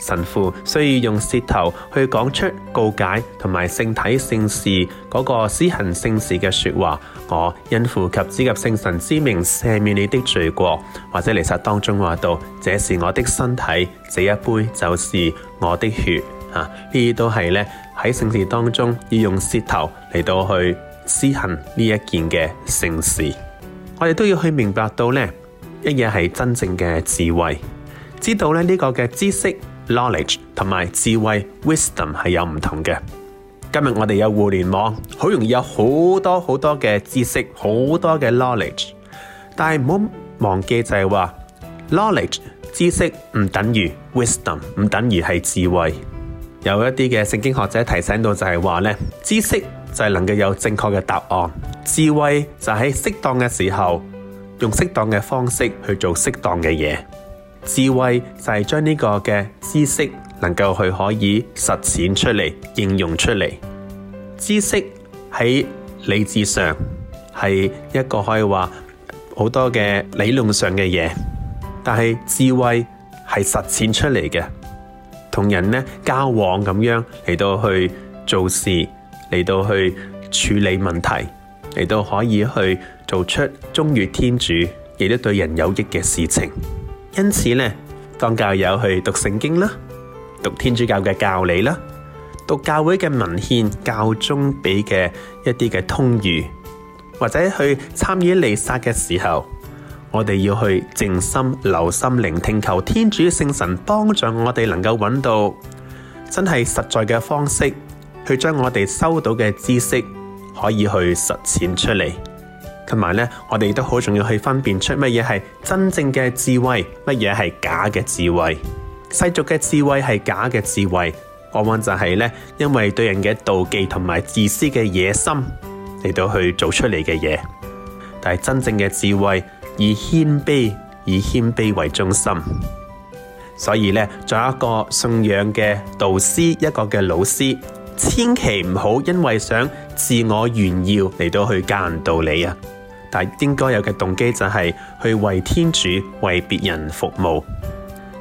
神父需要用舌頭去講出告解同埋聖體聖事嗰個施行聖事嘅說話。我因父及子及，及聖神之名赦免你的罪過。或者彌撒當中話到，這是我的身體，這一杯就是我的血。吓、啊，呢啲都係咧。喺聖事當中要用舌頭嚟到去施行呢一件嘅聖事，我哋都要去明白到呢一嘢係真正嘅智慧，知道咧呢個嘅知識 knowledge 同埋智慧 wisdom 係有唔同嘅。今日我哋有互聯網，好容易有好多好多嘅知識，好多嘅 knowledge，但係唔好忘記就係話 knowledge 知識唔等於 wisdom，唔等於係智慧。有一啲嘅聖經學者提醒到就係話咧，知識就係能夠有正確嘅答案，智慧就喺適當嘅時候，用適當嘅方式去做適當嘅嘢。智慧就係將呢個嘅知識能夠去可以實踐出嚟，應用出嚟。知識喺理智上係一個可以話好多嘅理論上嘅嘢，但係智慧係實踐出嚟嘅。同人咧交往咁樣嚟，到去做事，嚟到去處理問題，嚟到可以去做出忠於天主，亦都對人有益嘅事情。因此咧，當教友去讀聖經啦，讀天主教嘅教理啦，讀教會嘅文獻，教宗俾嘅一啲嘅通諭，或者去參與彌撒嘅時候。我哋要去靜心、留心聆聽，求天主聖神幫助我哋，能夠搵到真係實在嘅方式，去將我哋收到嘅知識可以去實踐出嚟。同埋呢，我哋都好重要去分辨出乜嘢係真正嘅智慧，乜嘢係假嘅智慧。世俗嘅智慧係假嘅智慧，往往就係呢：因為對人嘅妒忌同埋自私嘅野心嚟到去做出嚟嘅嘢。但係真正嘅智慧。以謙卑，以謙卑為中心，所以咧，作為一個信仰嘅導師，一個嘅老師，千祈唔好因為想自我炫耀嚟到去教人道理啊！但係應該有嘅動機就係去為天主、為別人服務。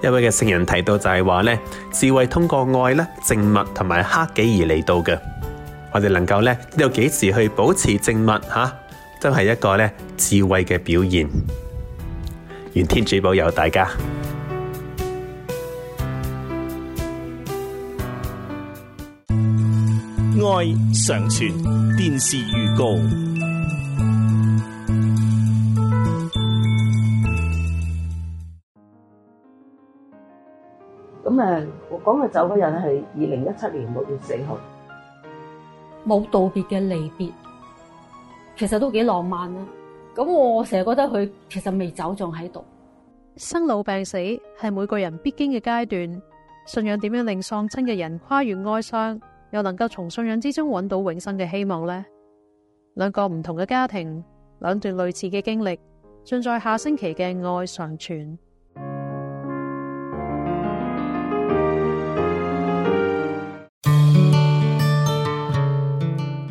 一位嘅聖人提到就係話咧，智慧通過愛咧、靜默同埋克己而嚟到嘅。我哋能夠咧，呢度幾時去保持靜默吓？真係一個咧智慧嘅表現，願天主保佑大家。愛常傳電視預告。咁啊， 我講嘅走嘅人係二零一七年六月四號，冇 道別嘅離別。其實都幾浪漫啊！咁我成日覺得佢其實未走，仲喺度。生老病死係每個人必經嘅階段。信仰點樣令喪親嘅人跨越哀傷，又能夠從信仰之中揾到永生嘅希望呢？兩個唔同嘅家庭，兩段類似嘅經歷，盡在下星期嘅《愛常傳》。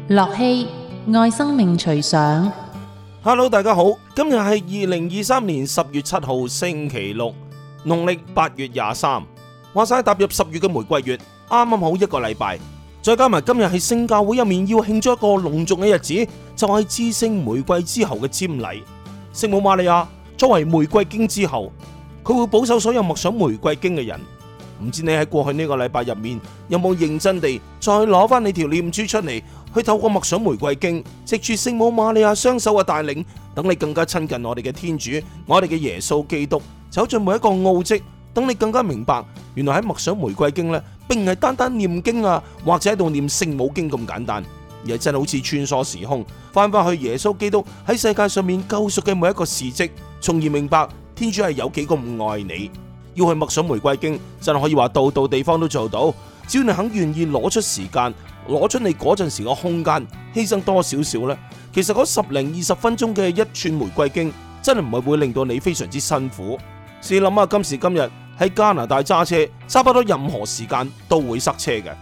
樂希。愛生命隨想。Hello，大家好，今日係二零二三年十月七號星期六，農曆八月廿三。話晒踏入十月嘅玫瑰月，啱啱好一個禮拜。再加埋今日係聖教會入面要慶祝一個隆重嘅日子，就係至聖玫瑰之後嘅瞻禮。聖母瑪利亞作為玫瑰經之後，佢會保守所有默想玫瑰經嘅人。唔知你喺過去呢個禮拜入面有冇認真地再攞翻你條念珠出嚟？佢透過默想玫瑰經，藉住聖母瑪利亞雙手嘅帶領，等你更加親近我哋嘅天主，我哋嘅耶穌基督，走進每一個奧蹟，等你更加明白，原來喺默想玫瑰經呢，並唔係單單念經啊，或者喺度念聖母經咁簡單，而係真係好似穿梭時空，翻翻去耶穌基督喺世界上面救贖嘅每一個事迹，從而明白天主係有幾咁愛你。要去默想玫瑰經，真係可以話到到地，地方都做到，只要你肯願意攞出時間。攞出你嗰陣時個空間，犧牲多少少呢？其實嗰十零二十分鐘嘅一串玫瑰經真係唔係會令到你非常之辛苦。試諗下，今時今日喺加拿大揸車，差不多任何時間都會塞車嘅。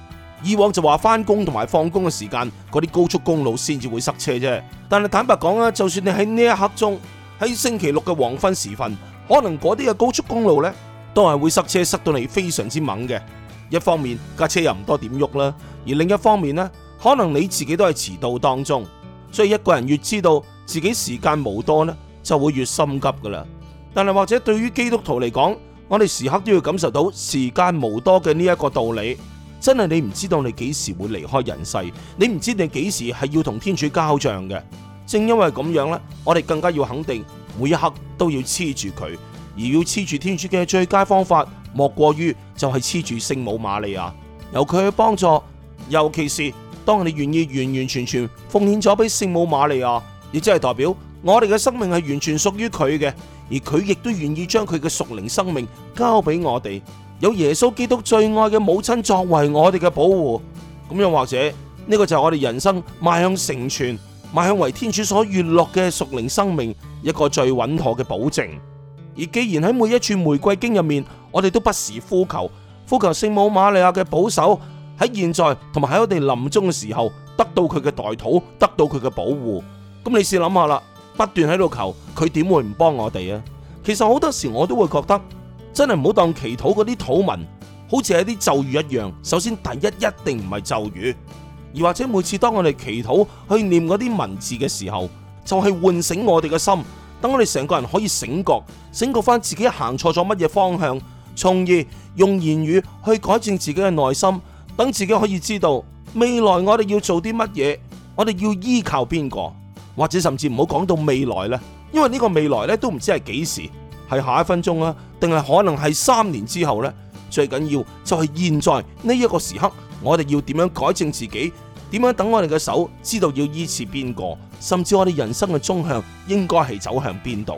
以往就話翻工同埋放工嘅時間，嗰啲高速公路先至會塞車啫。但係坦白講啊，就算你喺呢一刻鐘，喺星期六嘅黃昏時分，可能嗰啲嘅高速公路呢，都係會塞車，塞到你非常之猛嘅。一方面架車又唔多點喐啦，而另一方面呢，可能你自己都係遲到當中，所以一個人越知道自己時間無多呢，就會越心急噶啦。但係或者對於基督徒嚟講，我哋時刻都要感受到時間無多嘅呢一個道理，真係你唔知道你幾時會離開人世，你唔知你幾時係要同天主交賬嘅。正因為咁樣呢，我哋更加要肯定每一刻都要黐住佢，而要黐住天主嘅最佳方法，莫過於就係黐住聖母瑪利亞，由佢去幫助。尤其是當我哋願意完完全全奉獻咗俾聖母瑪利亞，亦即係代表我哋嘅生命係完全屬於佢嘅，而佢亦都願意將佢嘅屬靈生命交俾我哋，有耶穌基督最愛嘅母親作為我哋嘅保護。咁又或者呢個就係我哋人生邁向成全、邁向為天主所悅樂嘅屬靈生命一個最穩妥嘅保證。而既然喺每一串玫瑰經入面，我哋都不時呼求、呼求聖母瑪利亞嘅保守，喺現在同埋喺我哋臨終嘅時候，得到佢嘅代禱，得到佢嘅保護。咁你試諗下啦，不斷喺度求，佢點會唔幫我哋啊？其實好多時我都會覺得，真係唔好當祈禱嗰啲禱文，好似係啲咒語一樣。首先，第一一定唔係咒語，而或者每次當我哋祈禱去念嗰啲文字嘅時候，就係喚醒我哋嘅心。等我哋成個人可以醒覺，醒覺翻自己行錯咗乜嘢方向，從而用言語去改正自己嘅內心，等自己可以知道未來我哋要做啲乜嘢，我哋要依靠邊個，或者甚至唔好講到未來呢？因為呢個未來呢，都唔知係幾時，係下一分鐘啊，定係可能係三年之後呢？最緊要就係現在呢一個時刻，我哋要點樣改正自己。點樣等我哋嘅手知道要依持邊個，甚至我哋人生嘅終向應該係走向邊度？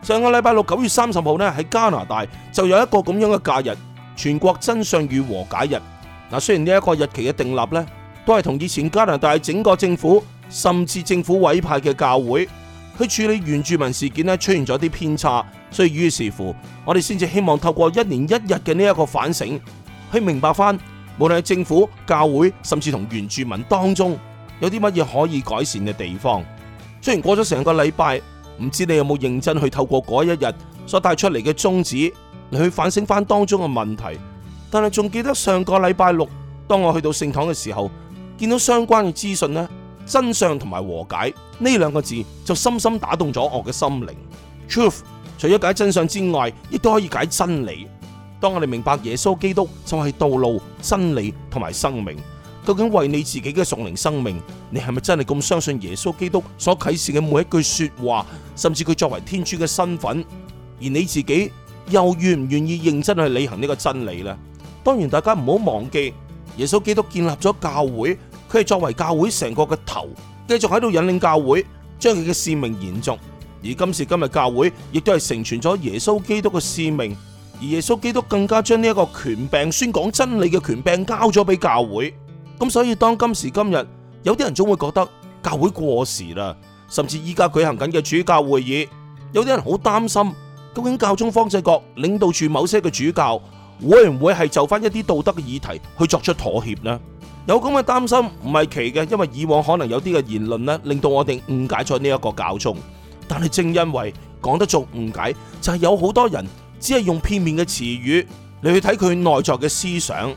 上個禮拜六九月三十號咧，喺加拿大就有一個咁樣嘅假日——全國真相與和解日。嗱，雖然呢一個日期嘅訂立咧，都係同以前加拿大整個政府，甚至政府委派嘅教會去處理原住民事件咧，出現咗一啲偏差，所以於是乎，我哋先至希望透過一年一日嘅呢一個反省，去明白翻。無論係政府、教會，甚至同原住民當中，有啲乜嘢可以改善嘅地方？雖然過咗成個禮拜，唔知你有冇認真去透過嗰一日所帶出嚟嘅宗旨，嚟去反省翻當中嘅問題。但係仲記得上個禮拜六，當我去到聖堂嘅時候，見到相關嘅資訊咧，真相同埋和解呢兩個字就深深打動咗我嘅心靈。Truth 除咗解真相之外，亦都可以解真理。當我哋明白耶穌基督就係道路、真理同埋生命，究竟為你自己嘅屬靈生命，你係咪真係咁相信耶穌基督所啟示嘅每一句說話，甚至佢作為天主嘅身份，而你自己又願唔願意認真去履行呢個真理呢？當然，大家唔好忘記耶穌基督建立咗教會，佢係作為教會成個嘅頭，繼續喺度引領教會，將佢嘅使命延續。而今時今日，教會亦都係成全咗耶穌基督嘅使命。而耶穌基督更加將呢一個權柄宣講真理嘅權柄交咗俾教會，咁所以當今時今日，有啲人總會覺得教會過時啦，甚至依家舉行緊嘅主教會議，有啲人好擔心，究竟教宗方濟各領導住某些嘅主教會唔會係就翻一啲道德嘅議題去作出妥協呢？有咁嘅擔心唔係奇嘅，因為以往可能有啲嘅言論呢，令到我哋誤解咗呢一個教宗，但係正因為講得做誤解，就係、是、有好多人。只係用片面嘅詞語嚟去睇佢內在嘅思想，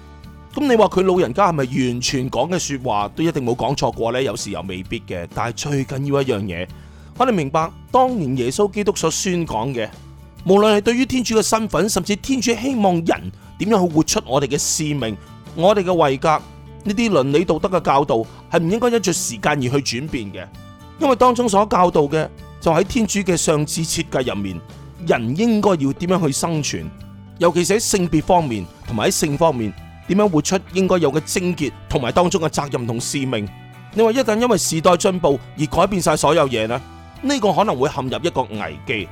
咁你話佢老人家係咪完全講嘅說話都一定冇講錯過呢？有時又未必嘅。但係最緊要一樣嘢，我哋明白當年耶穌基督所宣講嘅，無論係對於天主嘅身份，甚至天主希望人點樣去活出我哋嘅使命、我哋嘅位格呢啲倫理道德嘅教導，係唔應該因着時間而去轉變嘅，因為當中所教導嘅就喺天主嘅上智設計入面。人應該要點樣去生存？尤其是喺性別方面同埋喺性方面點樣活出應該有嘅貞潔同埋當中嘅責任同使命。你話一旦因為時代進步而改變曬所有嘢咧，呢個可能會陷入一個危機。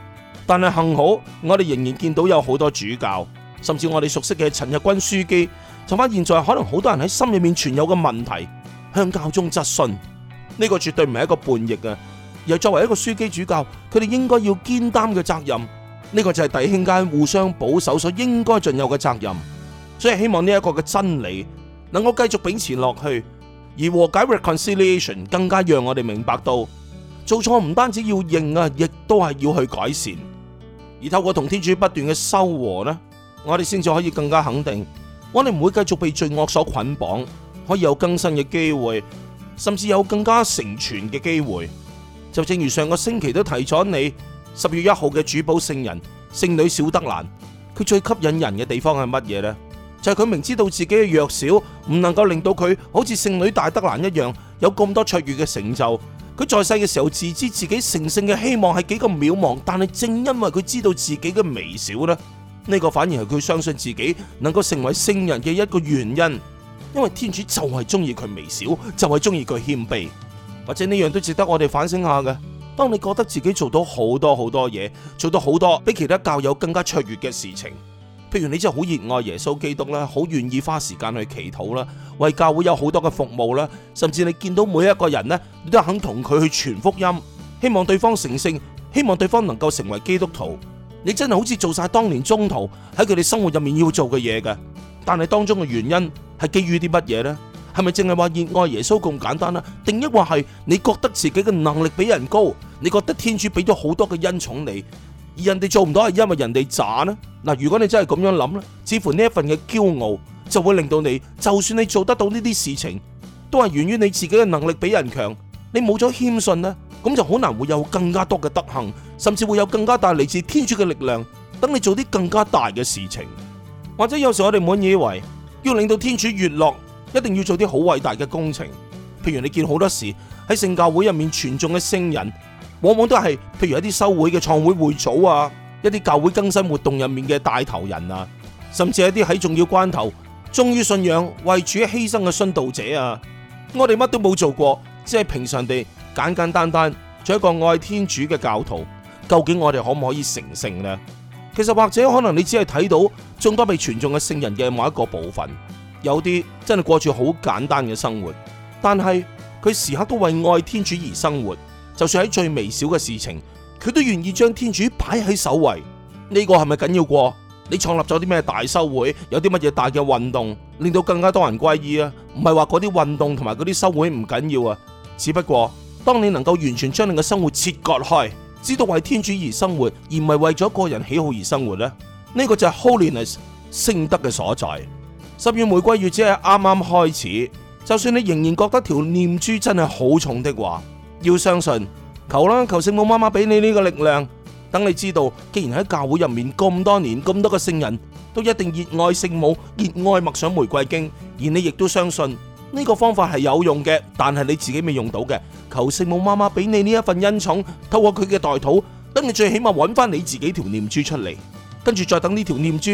但係幸好我哋仍然見到有好多主教，甚至我哋熟悉嘅陳日君樞機，就翻現在可能好多人喺心裏面存有嘅問題向教宗質詢，呢個絕對唔係一個叛逆啊！又作為一個樞機主教，佢哋應該要肩擔嘅責任。呢個就係弟兄間互相保守所應該盡有嘅責任，所以希望呢一個嘅真理能夠繼續秉持落去，而和解 reconciliation 更加讓我哋明白到做錯唔單止要認啊，亦都係要去改善，而透過同天主不斷嘅修和呢，我哋先至可以更加肯定，我哋唔會繼續被罪惡所捆綁，可以有更新嘅機會，甚至有更加成全嘅機會。就正如上個星期都提咗你。十月一號嘅主保聖人聖女小德蘭，佢最吸引人嘅地方係乜嘢呢？就係佢明知道自己嘅弱小，唔能夠令到佢好似聖女大德蘭一樣有咁多卓越嘅成就。佢在世嘅時候自知自己成聖嘅希望係幾咁渺茫，但係正因為佢知道自己嘅微小呢，呢個反而係佢相信自己能夠成為聖人嘅一個原因。因為天主就係中意佢微小，就係中意佢謙卑，或者呢樣都值得我哋反省下嘅。當你覺得自己做到好多好多嘢，做到好多比其他教友更加卓越嘅事情，譬如你真係好熱愛耶穌基督啦，好願意花時間去祈禱啦，為教會有好多嘅服務啦，甚至你見到每一個人呢，你都肯同佢去傳福音，希望對方成聖，希望對方能夠成為基督徒，你真係好似做晒當年宗徒喺佢哋生活入面要做嘅嘢嘅，但係當中嘅原因係基於啲乜嘢呢？係咪淨係話熱愛耶穌咁簡單啊？定抑或係你覺得自己嘅能力比人高，你覺得天主俾咗好多嘅恩寵你，而人哋做唔到係因為人哋渣呢？嗱，如果你真係咁樣諗啦，似乎呢一份嘅驕傲，就會令到你，就算你做得到呢啲事情，都係源於你自己嘅能力比人強，你冇咗謙遜啦，咁就好難會有更加多嘅德行，甚至會有更加大嚟自天主嘅力量，等你做啲更加大嘅事情。或者有時我哋冇以為要令到天主悅樂。一定要做啲好偉大嘅工程，譬如你見好多時喺聖教會入面傳頌嘅聖人，往往都係譬如一啲修會嘅創會會祖啊，一啲教會更新活動入面嘅帶頭人啊，甚至一啲喺重要關頭忠於信仰為主犧牲嘅殉道者啊，我哋乜都冇做過，只係平常地簡簡單單做一個愛天主嘅教徒，究竟我哋可唔可以成聖呢？其實或者可能你只係睇到眾多被傳頌嘅聖人嘅某一個部分。有啲真係過住好簡單嘅生活，但係佢時刻都為愛天主而生活，就算喺最微小嘅事情，佢都願意將天主擺喺首位。呢個係咪緊要過？你創立咗啲咩大修會，有啲乜嘢大嘅運動，令到更加多人歸依啊？唔係話嗰啲運動同埋嗰啲修會唔緊要啊，只不過當你能夠完全將你嘅生活切割開，知道為天主而生活，而唔係為咗個人喜好而生活呢，呢個就係 holiness 聖德嘅所在。十月玫瑰月只係啱啱開始，就算你仍然覺得條念珠真係好重的話，要相信，求啦，求聖母媽媽俾你呢個力量。等你知道，既然喺教會入面咁多年，咁多個聖人都一定熱愛聖母，熱愛默想玫瑰經，而你亦都相信呢個方法係有用嘅，但係你自己未用到嘅，求聖母媽媽俾你呢一份恩寵，透過佢嘅代禱，等你最起碼揾翻你自己條念珠出嚟，跟住再等呢條念珠。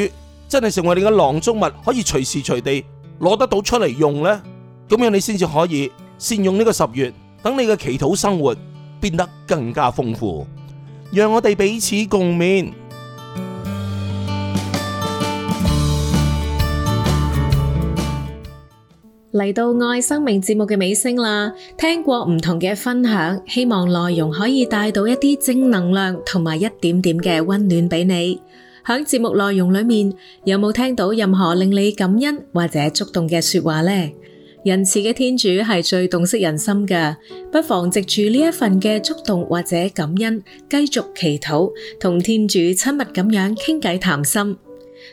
真係成為你嘅囊中物，可以隨時隨地攞得到出嚟用呢，咁樣你先至可以善用呢個十月，等你嘅祈禱生活變得更加豐富，讓我哋彼此共勉。嚟到愛生命節目嘅尾聲啦，聽過唔同嘅分享，希望內容可以帶到一啲正能量同埋一點點嘅溫暖俾你。喺節目內容裏面，有冇聽到任何令你感恩或者觸動嘅說話呢？仁慈嘅天主係最洞悉人心嘅，不妨藉住呢份嘅觸動或者感恩，繼續祈禱，同天主親密咁樣傾偈談心。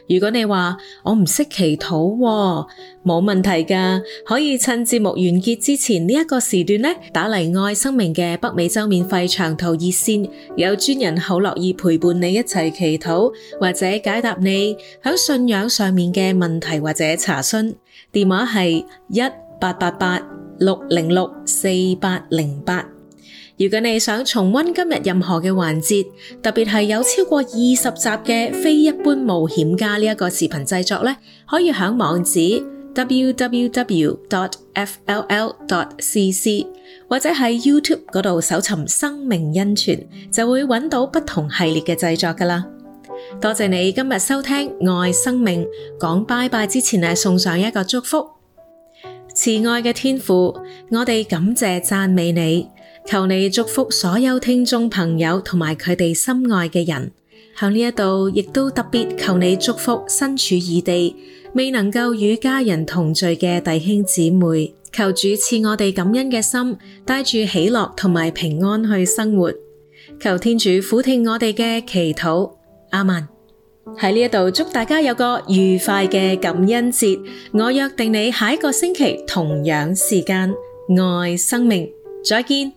如果你話我唔識祈禱喎，冇問題㗎，可以趁節目完結之前呢一個時段呢，打嚟愛生命嘅北美洲免費長途熱線，有專人好樂意陪伴你一齊祈禱或者解答你喺信仰上面嘅問題或者查詢。電話係一八八八六零六四八零八。如果你想重溫今日任何嘅環節，特別係有超過二十集嘅《非一般冒險家》呢、這、一個視頻製作呢，可以響網址 www.fll.cc 或者喺 YouTube 嗰度搜尋《生命恩泉》，就會揾到不同系列嘅製作㗎喇。多謝你今日收聽《愛生命》，講拜拜之前咧，送上一個祝福。慈愛嘅天父，我哋感謝讚美你。求你祝福所有聽眾朋友同埋佢哋心愛嘅人。喺呢一度亦都特別求你祝福身處異地未能夠與家人同聚嘅弟兄姊妹。求主賜我哋感恩嘅心，帶住喜樂同埋平安去生活。求天主俯聽我哋嘅祈禱。阿門。喺呢一度祝大家有個愉快嘅感恩節。我約定你下一個星期同樣時間愛生命再見。